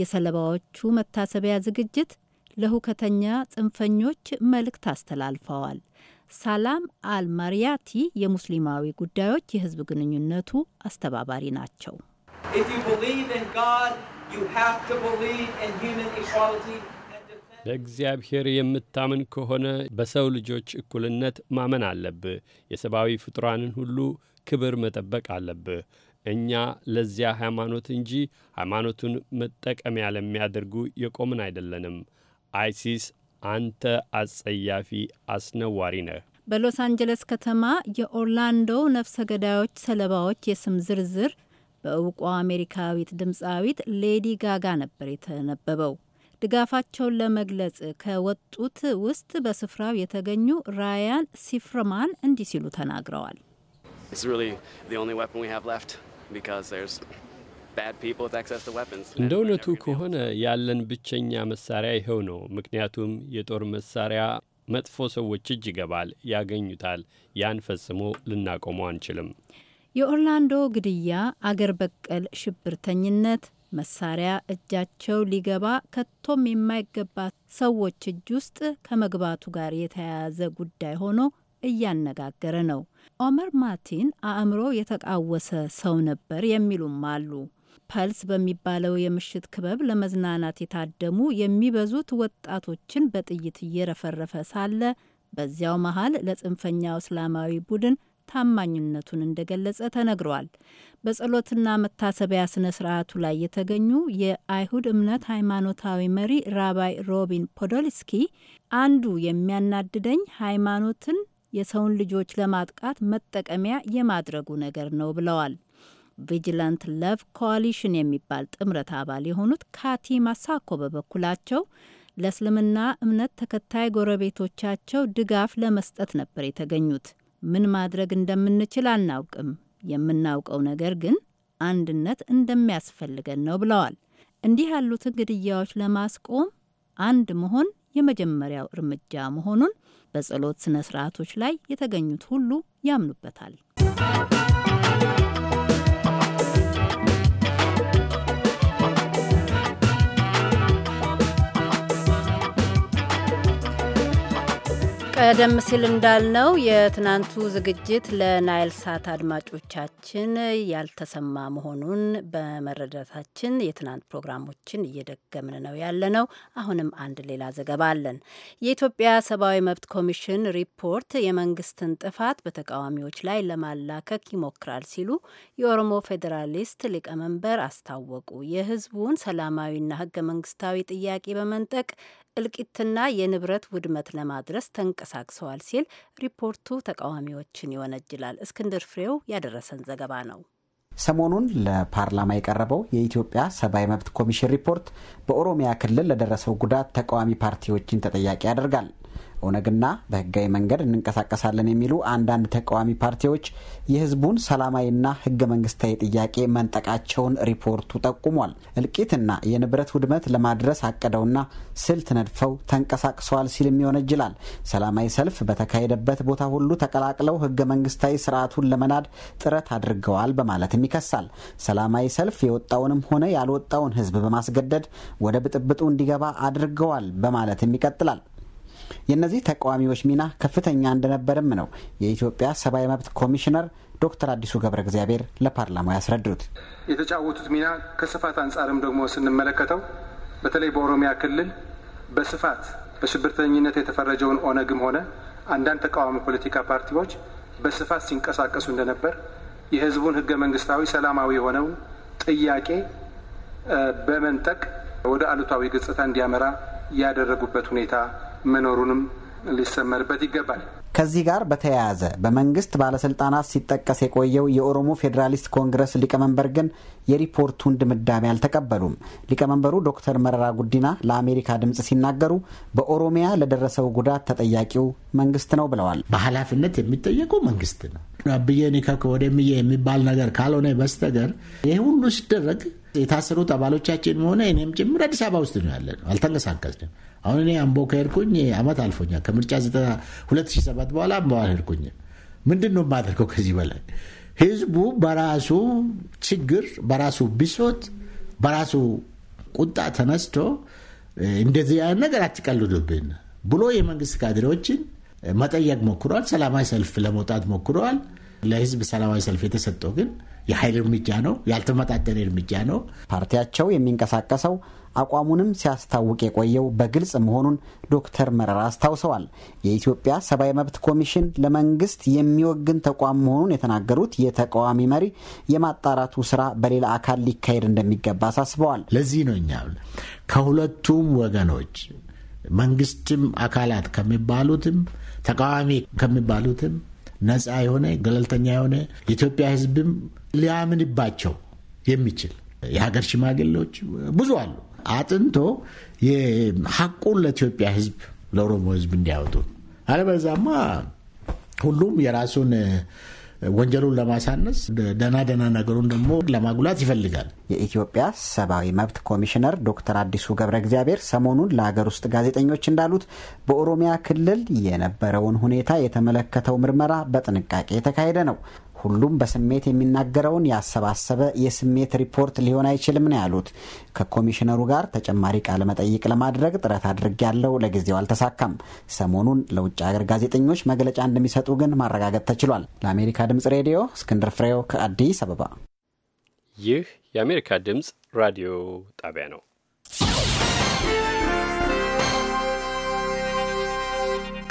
የሰለባዎቹ መታሰቢያ ዝግጅት ለሁከተኛ ጽንፈኞች መልእክት አስተላልፈዋል። ሳላም አልማሪያቲ የሙስሊማዊ ጉዳዮች የህዝብ ግንኙነቱ አስተባባሪ ናቸው። በእግዚአብሔር የምታምን ከሆነ በሰው ልጆች እኩልነት ማመን አለብህ። የሰብአዊ ፍጡራንን ሁሉ ክብር መጠበቅ አለብህ። እኛ ለዚያ ሃይማኖት እንጂ ሃይማኖቱን መጠቀሚያ ለሚያደርጉ የቆምን አይደለንም። አይሲስ አንተ አጸያፊ አስነዋሪ ነህ። በሎስ አንጀለስ ከተማ የኦርላንዶ ነፍሰ ገዳዮች ሰለባዎች የስም ዝርዝር በእውቋ አሜሪካዊት ድምፃዊት ሌዲ ጋጋ ነበር የተነበበው። ድጋፋቸውን ለመግለጽ ከወጡት ውስጥ በስፍራው የተገኙ ራያን ሲፍርማን እንዲህ ሲሉ ተናግረዋል። እንደ እውነቱ ከሆነ ያለን ብቸኛ መሳሪያ ይኸው ነው። ምክንያቱም የጦር መሳሪያ መጥፎ ሰዎች እጅ ይገባል፣ ያገኙታል። ያን ፈጽሞ ልናቆመው አንችልም። የኦርላንዶ ግድያ አገር በቀል ሽብርተኝነት መሳሪያ እጃቸው ሊገባ ከቶም የማይገባ ሰዎች እጅ ውስጥ ከመግባቱ ጋር የተያያዘ ጉዳይ ሆኖ እያነጋገረ ነው። ኦመር ማቲን አእምሮ የተቃወሰ ሰው ነበር የሚሉም አሉ። ፐልስ በሚባለው የምሽት ክበብ ለመዝናናት የታደሙ የሚበዙት ወጣቶችን በጥይት እየረፈረፈ ሳለ በዚያው መሀል ለጽንፈኛው እስላማዊ ቡድን ታማኝነቱን እንደገለጸ ተነግሯል። በጸሎትና መታሰቢያ ስነ ስርዓቱ ላይ የተገኙ የአይሁድ እምነት ሃይማኖታዊ መሪ ራባይ ሮቢን ፖዶልስኪ አንዱ የሚያናድደኝ ሃይማኖትን የሰውን ልጆች ለማጥቃት መጠቀሚያ የማድረጉ ነገር ነው ብለዋል። ቪጂላንት ለቭ ኮዋሊሽን የሚባል ጥምረት አባል የሆኑት ካቲ ማሳኮ በበኩላቸው ለእስልምና እምነት ተከታይ ጎረቤቶቻቸው ድጋፍ ለመስጠት ነበር የተገኙት። ምን ማድረግ እንደምንችል አናውቅም። የምናውቀው ነገር ግን አንድነት እንደሚያስፈልገን ነው ብለዋል። እንዲህ ያሉትን ግድያዎች ለማስቆም አንድ መሆን የመጀመሪያው እርምጃ መሆኑን በጸሎት ስነ ስርዓቶች ላይ የተገኙት ሁሉ ያምኑበታል። ቀደም ሲል እንዳልነው የትናንቱ ዝግጅት ለናይል ሳት አድማጮቻችን ያልተሰማ መሆኑን በመረዳታችን የትናንት ፕሮግራሞችን እየደገምን ነው ያለነው። አሁንም አንድ ሌላ ዘገባ አለን። የኢትዮጵያ ሰብአዊ መብት ኮሚሽን ሪፖርት የመንግስትን ጥፋት በተቃዋሚዎች ላይ ለማላከክ ይሞክራል ሲሉ የኦሮሞ ፌዴራሊስት ሊቀመንበር አስታወቁ። የህዝቡን ሰላማዊና ህገ መንግስታዊ ጥያቄ በመንጠቅ እልቂትና የንብረት ውድመት ለማድረስ ተንቀሳቅሰዋል ሲል ሪፖርቱ ተቃዋሚዎችን ይወነጅላል። እስክንድር ፍሬው ያደረሰን ዘገባ ነው። ሰሞኑን ለፓርላማ የቀረበው የኢትዮጵያ ሰብአዊ መብት ኮሚሽን ሪፖርት በኦሮሚያ ክልል ለደረሰው ጉዳት ተቃዋሚ ፓርቲዎችን ተጠያቂ ያደርጋል። ኦነግና በህጋዊ መንገድ እንንቀሳቀሳለን የሚሉ አንዳንድ ተቃዋሚ ፓርቲዎች የህዝቡን ሰላማዊና ህገ መንግስታዊ ጥያቄ መንጠቃቸውን ሪፖርቱ ጠቁሟል። እልቂትና የንብረት ውድመት ለማድረስ አቅደውና ስልት ነድፈው ተንቀሳቅሰዋል ሲልም ይወነጅላል። ሰላማዊ ሰልፍ በተካሄደበት ቦታ ሁሉ ተቀላቅለው ህገ መንግስታዊ ስርዓቱን ለመናድ ጥረት አድርገዋል በማለትም ይከሳል። ሰላማዊ ሰልፍ የወጣውንም ሆነ ያልወጣውን ህዝብ በማስገደድ ወደ ብጥብጡ እንዲገባ አድርገዋል በማለትም ይቀጥላል። የእነዚህ ተቃዋሚዎች ሚና ከፍተኛ እንደነበርም ነው የኢትዮጵያ ሰብአዊ መብት ኮሚሽነር ዶክተር አዲሱ ገብረ እግዚአብሔር ለፓርላማው ያስረዱት። የተጫወቱት ሚና ከስፋት አንጻርም ደግሞ ስንመለከተው በተለይ በኦሮሚያ ክልል በስፋት በሽብርተኝነት የተፈረጀውን ኦነግም ሆነ አንዳንድ ተቃዋሚ ፖለቲካ ፓርቲዎች በስፋት ሲንቀሳቀሱ እንደነበር የህዝቡን ህገ መንግስታዊ ሰላማዊ የሆነው ጥያቄ በመንጠቅ ወደ አሉታዊ ገጽታ እንዲያመራ ያደረጉበት ሁኔታ መኖሩንም ሊሰመርበት ይገባል። ከዚህ ጋር በተያያዘ በመንግስት ባለስልጣናት ሲጠቀስ የቆየው የኦሮሞ ፌዴራሊስት ኮንግረስ ሊቀመንበር ግን የሪፖርቱን ድምዳሜ አልተቀበሉም። ሊቀመንበሩ ዶክተር መረራ ጉዲና ለአሜሪካ ድምፅ ሲናገሩ በኦሮሚያ ለደረሰው ጉዳት ተጠያቂው መንግስት ነው ብለዋል። በኃላፊነት የሚጠየቀው መንግስት ነው። አብዬ ኒከክ ወደምዬ የሚባል ነገር ካልሆነ በስተገር ይህ ሁሉ ሲደረግ የታሰሩት አባሎቻችን መሆነ እኔም ጭምር አዲስ አበባ ውስጥ ነው ያለነው፣ አልተንቀሳቀስንም። አሁን እኔ አምቦ ከሄድኩኝ አመት አልፎኛል። ከምርጫ 2007 በኋላ አምቦ አልሄድኩኝም። ምንድን ነው የማደርገው ከዚህ በላይ? ህዝቡ በራሱ ችግር፣ በራሱ ብሶት፣ በራሱ ቁጣ ተነስቶ እንደዚህ ያለ ነገር አትቀልዱብን ብሎ የመንግስት ካድሬዎችን መጠየቅ ሞክሯል። ሰላማዊ ሰልፍ ለመውጣት ሞክረዋል። ለህዝብ ሰላማዊ ሰልፍ የተሰጠው ግን የኃይል እርምጃ ነው፣ ያልተመጣጠነ እርምጃ ነው። ፓርቲያቸው የሚንቀሳቀሰው አቋሙንም ሲያስታውቅ የቆየው በግልጽ መሆኑን ዶክተር መረራ አስታውሰዋል። የኢትዮጵያ ሰብአዊ መብት ኮሚሽን ለመንግስት የሚወግን ተቋም መሆኑን የተናገሩት የተቃዋሚ መሪ የማጣራቱ ስራ በሌላ አካል ሊካሄድ እንደሚገባ አሳስበዋል። ለዚህ ነው እኛ ከሁለቱም ወገኖች መንግስትም አካላት ከሚባሉትም ተቃዋሚ ከሚባሉትም ነፃ የሆነ ገለልተኛ የሆነ የኢትዮጵያ ሕዝብም ሊያምንባቸው የሚችል የሀገር ሽማግሌዎች ብዙ አሉ። አጥንቶ የሐቁን ለኢትዮጵያ ሕዝብ ለኦሮሞ ሕዝብ እንዲያወጡ አለበዛማ ሁሉም የራሱን ወንጀሉን ለማሳነስ ደና ደና ነገሩን ደግሞ ለማጉላት ይፈልጋል። የኢትዮጵያ ሰብአዊ መብት ኮሚሽነር ዶክተር አዲሱ ገብረ እግዚአብሔር ሰሞኑን ለሀገር ውስጥ ጋዜጠኞች እንዳሉት በኦሮሚያ ክልል የነበረውን ሁኔታ የተመለከተው ምርመራ በጥንቃቄ የተካሄደ ነው። ሁሉም በስሜት የሚናገረውን ያሰባሰበ የስሜት ሪፖርት ሊሆን አይችልም ነው ያሉት። ከኮሚሽነሩ ጋር ተጨማሪ ቃለ መጠይቅ ለማድረግ ጥረት አድርግ ያለው ለጊዜው አልተሳካም። ሰሞኑን ለውጭ ሀገር ጋዜጠኞች መግለጫ እንደሚሰጡ ግን ማረጋገጥ ተችሏል። ለአሜሪካ ድምጽ ሬዲዮ እስክንድር ፍሬው ከአዲስ አበባ። ይህ የአሜሪካ ድምጽ ራዲዮ ጣቢያ ነው።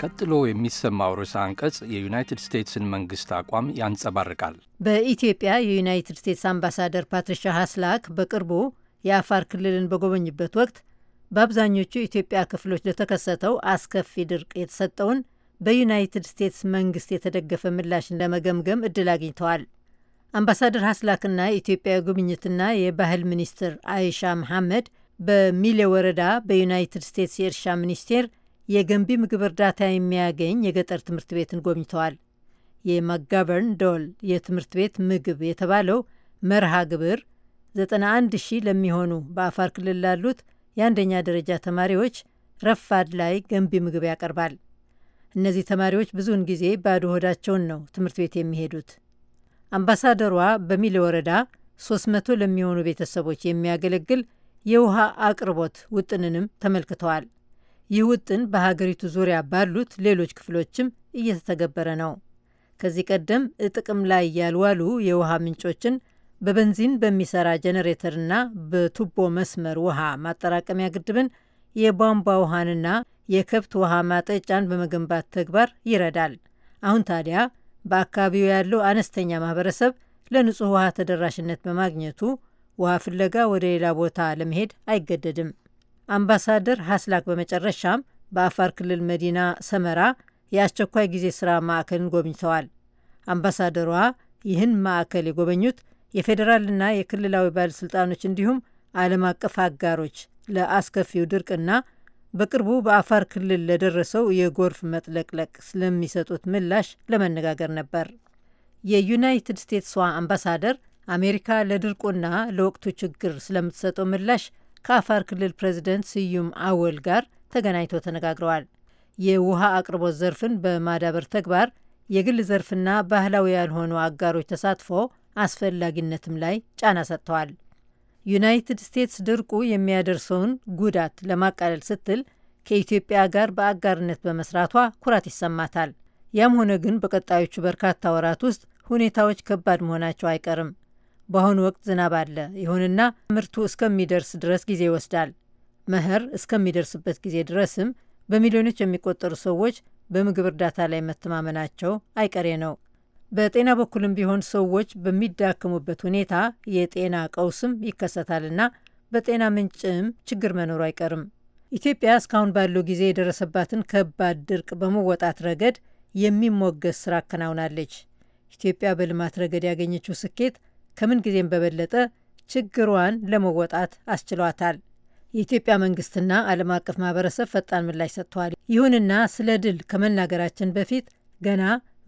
ቀጥሎ የሚሰማው ርዕሰ አንቀጽ የዩናይትድ ስቴትስን መንግስት አቋም ያንጸባርቃል። በኢትዮጵያ የዩናይትድ ስቴትስ አምባሳደር ፓትሪሻ ሀስላክ በቅርቡ የአፋር ክልልን በጎበኝበት ወቅት በአብዛኞቹ የኢትዮጵያ ክፍሎች ለተከሰተው አስከፊ ድርቅ የተሰጠውን በዩናይትድ ስቴትስ መንግስት የተደገፈ ምላሽን ለመገምገም እድል አግኝተዋል። አምባሳደር ሀስላክና የኢትዮጵያ ጉብኝትና የባህል ሚኒስትር አይሻ መሐመድ በሚሌ ወረዳ በዩናይትድ ስቴትስ የእርሻ ሚኒስቴር የገንቢ ምግብ እርዳታ የሚያገኝ የገጠር ትምህርት ቤትን ጎብኝተዋል። የማጋበርን ዶል የትምህርት ቤት ምግብ የተባለው መርሃ ግብር 91 ሺህ ለሚሆኑ በአፋር ክልል ላሉት የአንደኛ ደረጃ ተማሪዎች ረፋድ ላይ ገንቢ ምግብ ያቀርባል። እነዚህ ተማሪዎች ብዙውን ጊዜ ባዶ ሆዳቸውን ነው ትምህርት ቤት የሚሄዱት። አምባሳደሯ በሚል ወረዳ 300 ለሚሆኑ ቤተሰቦች የሚያገለግል የውሃ አቅርቦት ውጥንንም ተመልክተዋል። ይህ ውጥን በሀገሪቱ ዙሪያ ባሉት ሌሎች ክፍሎችም እየተተገበረ ነው። ከዚህ ቀደም ጥቅም ላይ ያልዋሉ የውሃ ምንጮችን በበንዚን በሚሰራ ጀኔሬተርና በቱቦ መስመር ውሃ ማጠራቀሚያ ግድብን፣ የቧንቧ ውሃንና የከብት ውሃ ማጠጫን በመገንባት ተግባር ይረዳል። አሁን ታዲያ በአካባቢው ያለው አነስተኛ ማህበረሰብ ለንጹህ ውሃ ተደራሽነት በማግኘቱ ውሃ ፍለጋ ወደ ሌላ ቦታ ለመሄድ አይገደድም። አምባሳደር ሀስላክ በመጨረሻም በአፋር ክልል መዲና ሰመራ የአስቸኳይ ጊዜ ስራ ማዕከልን ጎብኝተዋል። አምባሳደሯ ይህን ማዕከል የጎበኙት የፌዴራልና የክልላዊ ባለሥልጣኖች እንዲሁም ዓለም አቀፍ አጋሮች ለአስከፊው ድርቅና በቅርቡ በአፋር ክልል ለደረሰው የጎርፍ መጥለቅለቅ ስለሚሰጡት ምላሽ ለመነጋገር ነበር። የዩናይትድ ስቴትስዋ አምባሳደር አሜሪካ ለድርቁና ለወቅቱ ችግር ስለምትሰጠው ምላሽ ከአፋር ክልል ፕሬዚደንት ስዩም አወል ጋር ተገናኝተው ተነጋግረዋል። የውሃ አቅርቦት ዘርፍን በማዳበር ተግባር የግል ዘርፍና ባህላዊ ያልሆኑ አጋሮች ተሳትፎ አስፈላጊነትም ላይ ጫና ሰጥተዋል። ዩናይትድ ስቴትስ ድርቁ የሚያደርሰውን ጉዳት ለማቃለል ስትል ከኢትዮጵያ ጋር በአጋርነት በመስራቷ ኩራት ይሰማታል። ያም ሆነ ግን በቀጣዮቹ በርካታ ወራት ውስጥ ሁኔታዎች ከባድ መሆናቸው አይቀርም። በአሁኑ ወቅት ዝናብ አለ። ይሁንና ምርቱ እስከሚደርስ ድረስ ጊዜ ይወስዳል። መኸር እስከሚደርስበት ጊዜ ድረስም በሚሊዮኖች የሚቆጠሩ ሰዎች በምግብ እርዳታ ላይ መተማመናቸው አይቀሬ ነው። በጤና በኩልም ቢሆን ሰዎች በሚዳከሙበት ሁኔታ የጤና ቀውስም ይከሰታልና በጤና ምንጭም ችግር መኖሩ አይቀርም። ኢትዮጵያ እስካሁን ባለው ጊዜ የደረሰባትን ከባድ ድርቅ በመወጣት ረገድ የሚሞገስ ስራ አከናውናለች። ኢትዮጵያ በልማት ረገድ ያገኘችው ስኬት ከምን ጊዜም በበለጠ ችግሯን ለመወጣት አስችሏታል። የኢትዮጵያ መንግስትና ዓለም አቀፍ ማህበረሰብ ፈጣን ምላሽ ሰጥተዋል። ይሁንና ስለ ድል ከመናገራችን በፊት ገና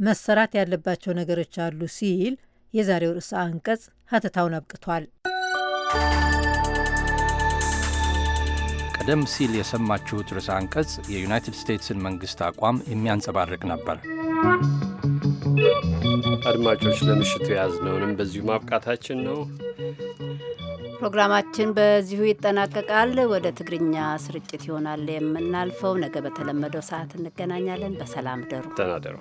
መሰራት ያለባቸው ነገሮች አሉ ሲል የዛሬው ርዕሰ አንቀጽ ሀተታውን አብቅቷል። ቀደም ሲል የሰማችሁት ርዕሰ አንቀጽ የዩናይትድ ስቴትስን መንግሥት አቋም የሚያንጸባርቅ ነበር። አድማጮች ለምሽቱ የያዝነውንም በዚሁ ማብቃታችን ነው። ፕሮግራማችን በዚሁ ይጠናቀቃል። ወደ ትግርኛ ስርጭት ይሆናል የምናልፈው። ነገ በተለመደው ሰዓት እንገናኛለን። በሰላም ደሩ ተናደሩ